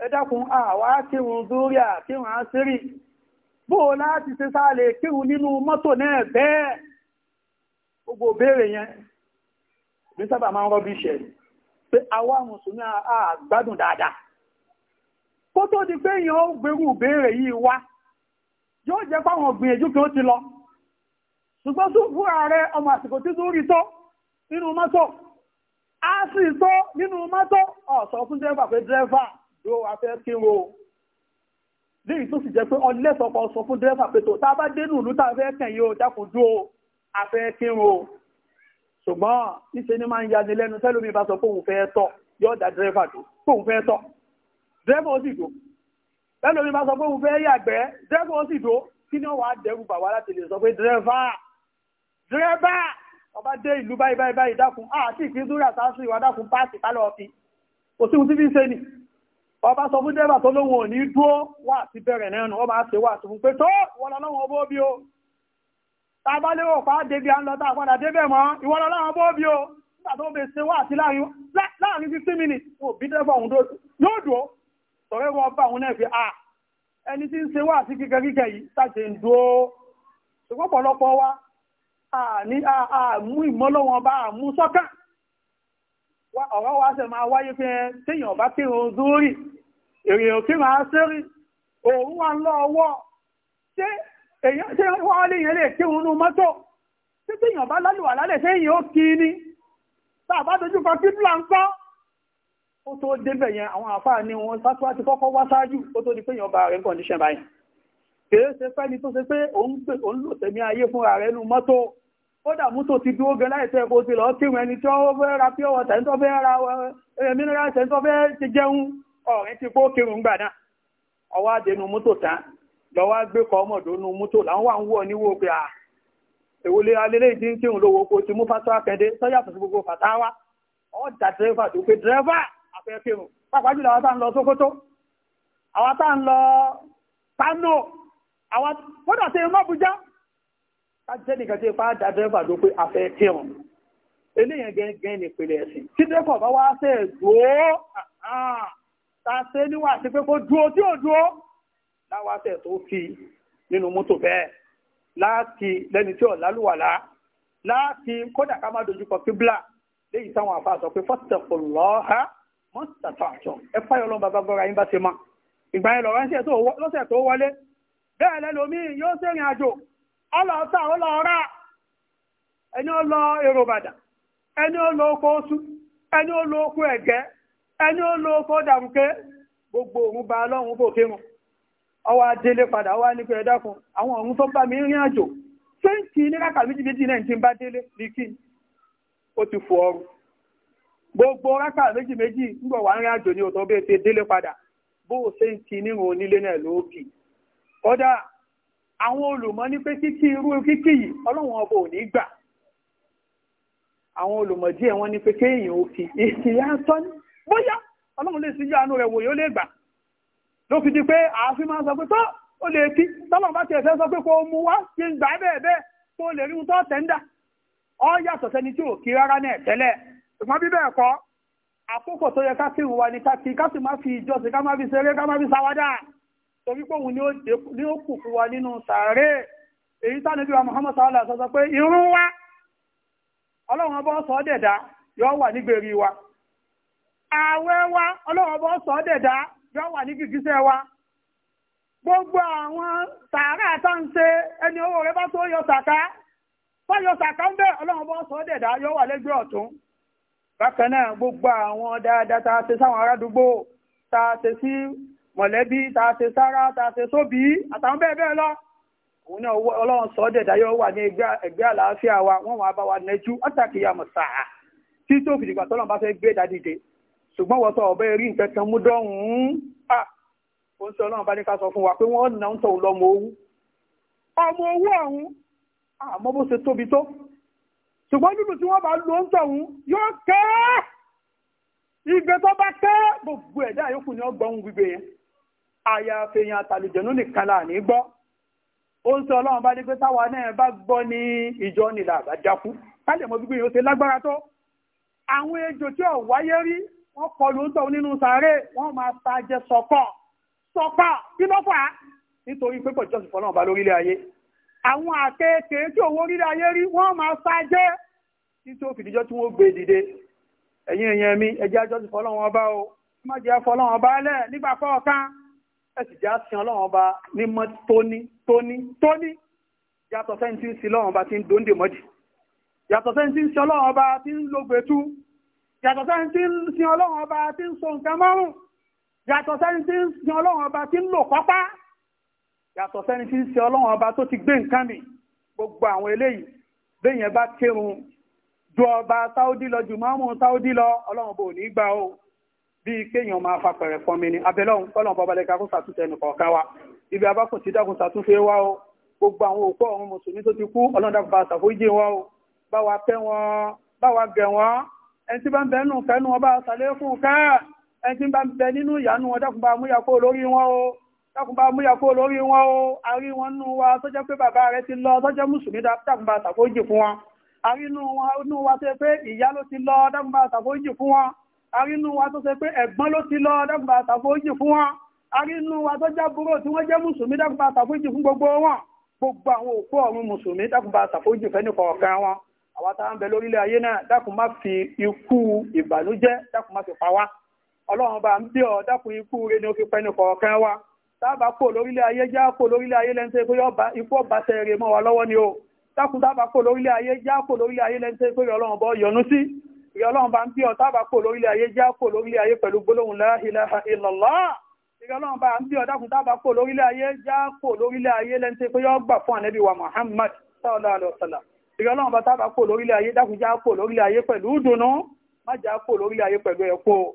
ẹ dákun àwa kírun dúrí àkírun àṣírí bó o láti ṣe sáàlè kírun nínú mọ́tò náà bẹ́ẹ̀ gbogbo béèrè yẹn ní sábà máa ń rọ́bí ṣẹ̀ pé àwa mùsùlùmí àgbádùn dáadáa kó tó di pé èèyàn ó gbérù béèrè yìí wá yóò jẹ́ páwọn gbìyànjú kí ó ti lọ ṣùgbọ́n tó fúra rẹ ọmọ àsìkò tí tó rí tó nínú mọ́tò a sì tó nínú mọ́tò ọ̀sọ̀ fún dẹ́fà pé dẹ́fà ló wá fẹ́ kírun o léyìí tó sì jẹ́ pé ọlẹ́sọ̀kọ̀ sọ fún dírẹ́fà pé tó tá a bá dénú ìlú tá a fẹ́ kàn yìí o dákun dúró a fẹ́ kírun o ṣùgbọ́n níṣe ni máa ń yani lẹ́nu tẹ́lómi bá sọ pé òun fẹ́ tọ̀ yóò dá dírẹ́fà tó pé òun fẹ́ tọ̀ dírẹ́fà ó sì dó tẹ́lómi bá sọ pé òun fẹ́ yàgbẹ́ dírẹ́fà ó sì dó kí ni wàá dẹ́rù bàwá láti lè sọ pé dírẹ́fà dírẹ́fà ọba dé ìlú báyìí báyìí dákun àti ìpínlẹ̀ àtàṣù ìwà dákun páàsì kálọ̀ ọ̀fin òsì ọba sọ fún dẹ́bà tó lóhun òní dúó wà sí bẹ̀rẹ̀ nẹ́nu ọba ṣe wà sí fún pé tó wọ́lọ́lọ́wọ́ bó bí o tàbá lérò pa débi à ń lọ tàà padà débẹ̀ mọ́ ìwọ́lọ́lọ́wọ́ bó bí o nígbà tó bè ṣe wà sí láàrin 15 minutes òbí dẹ́bà òun yóò dúó sọ̀rẹ́ wọ́n bá òun náà fi à ẹni tí ń ṣe wà sí kíkẹ́ kíkẹ́ yìí sáṣe ń dúó ṣùgbọ́n pọ̀lọpọ̀ wa àmú ìmọ́lọ́wọ́n bá àmú sọ́kàn ọ̀rọ̀ wa ṣe máa wáyé pé téèyàn bá kí irun zúrì èèyàn kí máa sẹ́rì òun wà lọ ọwọ́ ṣé èèyàn ṣé wọ́n lè yẹn lè kí irun nú mọ́tò ṣé téèyàn bá lálùwà lálẹ̀ ṣé èèyàn ó kí ni tá dojú kọ kí dúlà ń kọ́ ó tó débẹ̀ yẹn àwọn àfáà ní wọn sátúwá ti kọ́kọ́ wá ṣáájú ó tó di pé èèyàn rẹ̀ ń kọ̀ndíṣẹ̀ báyìí kèé ṣe fẹ́ni tó ṣe pé òun lò tẹ̀mí ayé fúnra rẹ̀ nú mọ́tò kódà moto ti dúró gẹ́lá ìfẹ́ kó ti lọ kíwọn ẹni tí ó fẹ́ ra pí ọwọ́ tẹ́ntọ́ fẹ́ ra eh, mineral tẹ́ntọ́ fẹ́ ti jẹun ọ̀rẹ́ ti kó kírun gbà náà ọwọ́ àdénú mútò tán lọ́wọ́ gbé kọ́ làwọn wà ń wọ̀ pé à ah, ti mú gbogbo ọ̀ dà tó pé jẹ́nìkan tí ipá dá dẹ́rẹ́bà ló pé afẹ́ kírun eléyàn gẹ́gẹ́ ní ìpìlẹ̀ ẹ̀sìn tí dẹ́kọ̀ bá wá sẹ́ dúó ta ṣe níwà sí pé kó dúó tí ò dúó láwá sẹ́ tó fi nínú mọ́tò bẹ́ẹ̀ láti lẹ́ni tí ò lálùwàlá láti kódà ká má dojúkọ kíbla léyìí táwọn àfa sọ pé fọ́tẹ̀kùlọ́ha mọ́tàtà àjọ ẹ fáyọ lọ́n bàbá bọ́ra yín bá ṣe mọ́ ìgbà yẹn lọ́rọ́ lọ́sẹ̀ tó wọlé bẹ́ẹ̀ lẹ́lòmíì yóò ṣèrìn àjò ọlọ́ọ̀tà ọlọ́ọ̀rá ẹni enye lọ èrò bàdà ẹni ó lọ oko oṣù ẹni ó lọ oko ẹ̀gẹ́ ẹni gbogbo òun ba lọ́run bò kírun ọwọ́ adélé padà wá ní pé ẹ àwọn ọ̀run tó bá mi rìn àjò twenty ní náà ti ń bá délé ó ti ọrùn gbogbo rákà ń bọ̀ wá rìn àjò ní ọ̀tọ̀ bẹ́ẹ̀ ti délé padà bó o ṣe àwọn olùmọ̀ ní pé kíkí irú kíkí yìí ọlọ́run ọba ò ní gbà àwọn olùmọ̀ díẹ̀ wọ́n ní pé kéèyàn ó fi èsì yá sọ ní bóyá ọlọ́run lè sí yánu rẹ̀ wòye ó lè gbà ló fi di pé ààfin máa ń sọ pé tó ó lè fi tọ́lọ̀ bá tiẹ̀ fẹ́ sọ pé kó mú wá kí n gbà bẹ́ẹ̀ bẹ́ẹ̀ kó lè rí ohun tẹ́ńdà ọ yàtọ̀ sẹ́ni tí ò kí rárá náà tẹ́lẹ̀ ṣùgbọ́n bí bẹ́ẹ̀ kọ́ àkókò tó yẹ ká kírun wa ni ká sì má fi ìjọsìn ká má fi ṣeré ká má fi sáwádà torí pé òun ni ó kù fún wa nínú sàárè èyí tánàbí wa Muhammad sallallahu alaihi pé irun wa ọlọ́run ọba sọ dẹ̀dá wà nígbèrí wa ààwẹ̀ wá ọlọ́run dẹ̀dá wà ní wa gbogbo àwọn owó rẹ bá tó yọ sàká bá yọ sàká ń bẹ ọlọ́run mọ̀lẹ́bí ta ṣe sára ta ṣe sóbí àtàwọn bẹ́ẹ̀ bẹ́ẹ̀ lọ òun náà ọlọ́run sọ dẹ̀dá yóò wà ní ẹgbẹ́ àlàáfíà wa wọ́n wà bá wa nẹjú ọ́tàkìyà mọ̀sáà tí tó fi dìgbà tọ́lọ́run bá fẹ́ gbé dá dìde ṣùgbọ́n wọ́n sọ ọ̀bẹ́ rí nǹkan kan mú dọ́hùn-ún à ó ń sọ ọlọ́run bá ní ká sọ fún wa pé wọ́n nà ń tọ̀ lọ́mọ owó ọmọ owó ọ̀hún àmọ́ bó ṣe tóbi tó ṣùgbọ́n dúdú tí wọ́n bá lò ń tọ̀ ọ̀hún yóò kẹ́ ìgbẹ́ tó bá kẹ́ gbogbo ẹ̀dá yòókù ni ọgbọ̀n gbígbé yẹn Aya èèyàn àtàlùjẹ̀nú nìkan là ní gbọ́ ó ń sọ ọlọ́run bá ní pé táwa náà bá gbọ́ ní ìjọ nílà àbájákú kálẹ̀ mọ́ gbígbé yóò ṣe lágbára tó àwọn ejò tí ò wáyé rí wọ́n kọlù ń tọ̀ nínú sàárè wọ́n máa ta jẹ sọ̀kọ̀ sọ̀kọ̀ kí ló fà á nítorí pé pọ̀ jọ́sìn fọlọ́run bá lórílẹ̀ ayé àwọn àkekèé tí òwò ríra ayé rí wọ́n máa sá jẹ́ tí tó fìdíjọ́ tí wọ́n gbé dìde ẹ̀yin èèyàn mi ẹjẹ́ ajọ́sìn fọlọ́run ọba o má jẹ́ fọlọ́run ọba lẹ̀ nígbà kọ̀ọ̀kan ẹ sì já sin ọlọ́run ọba ní mọ́ tóní tóní tóní yàtọ̀ sẹ́ni tí ń sin ọlọ́run ọba tí ń dóńdè mọ́dì yàtọ̀ sẹ́ni tí ń sin ọlọ́run ọba tí ń lògbètú yàtọ̀ sẹ́ni tí ń sin ọlọ́run ọba tí ń so nǹkan márùn yàtọ̀ sẹ́ni tí ń sin ọlọ́run ọba tí ń lò pápá yàtọ̀ sẹ́ni tí ń sin ọlọ́run ọba tó ti gbé nǹkan mi gbogbo àwọn eléyìí béèyàn bá kírun ju ọba sáúdí lọ jù mọ́mú sáúdí lọ ọlọ́run bò ní gbà o bíi kéèyàn máa fa pẹ̀rẹ̀ fọnmi ni abẹ́lọ́hún kọ́lọ́n bọ́balẹ̀ ká kó sàtúnṣe ẹnì kọ̀ọ̀ká wa ibi abákùn ti dákun sàtúnṣe wa o gbogbo àwọn òkú ọ̀run mùsùlùmí tó ti kú ọlọ́dà bá ṣàforíjì wa o bá wa pẹ́ wọn bá wa gẹ̀ wọ́n ẹni tí bá ń bẹ nínú fẹ́nu wọn bá ṣàlẹ́ fún ká ẹni tí bá ń bẹ nínú ìyanu wọn dákun bá múyà kó lórí wọn o dákun bá múyà kó lórí wọn o àrí wọn nú wa tó pé bàbá rẹ ti lọ tó mùsùlùmí dákun bá ṣàforíjì fún wọn àrí nú wa tó pé ìyá ló ti lọ dákun bá ṣàforíjì fún wọn arínú wa tó ṣe pé ẹ̀gbọ́n ló ti lọ dákùnbà àtàfójì fún wọn arínú wa tó jábúrò tí wọ́n jẹ́ mùsùlùmí dákùnbà àtàfójì fún gbogbo wọn gbogbo àwọn òkú ọ̀run mùsùlùmí dákùnbà àtàfójì fẹ́ni kọ̀ọ̀kan wọn àwa tá bẹ lórílẹ̀ ayé náà dákùn má fi ikú ìbànújẹ́ dákùn má fi pa wá ọlọ́run bá ń bí ọ dákùn ikú rẹ ni ó fi pẹ́ni kọ̀ọ̀kan wá tábà kó lórílẹ̀ ayé já kó lórílẹ̀ ayé lẹ́nu tó pé ikú ọba tẹ̀rẹ̀ mọ́ wa lọ́wọ́ ni o dákùn tábà kó lórílẹ̀ ayé já kó lórílẹ̀ ayé lẹ́nu tó pé ọlọ́run bọ́ yọ́nú sí ìyá ọlọ́run bá ń bí ọ̀tá bá kò lórílẹ̀ ayé já kò lórílẹ̀ ayé pẹ̀lú gbólóhùn la ilaha illallah ọlọ́run bá ń bí ọ̀tá kùn tábà kò lórílẹ̀ ayé já kò lórílẹ̀ ayé lẹ́ni tí pé yọ́ gbà fún ànẹ́bí wa Muhammad sallallahu bá lórílẹ̀ ayé dákun já lórílẹ̀ ayé pẹ̀lú má já lórílẹ̀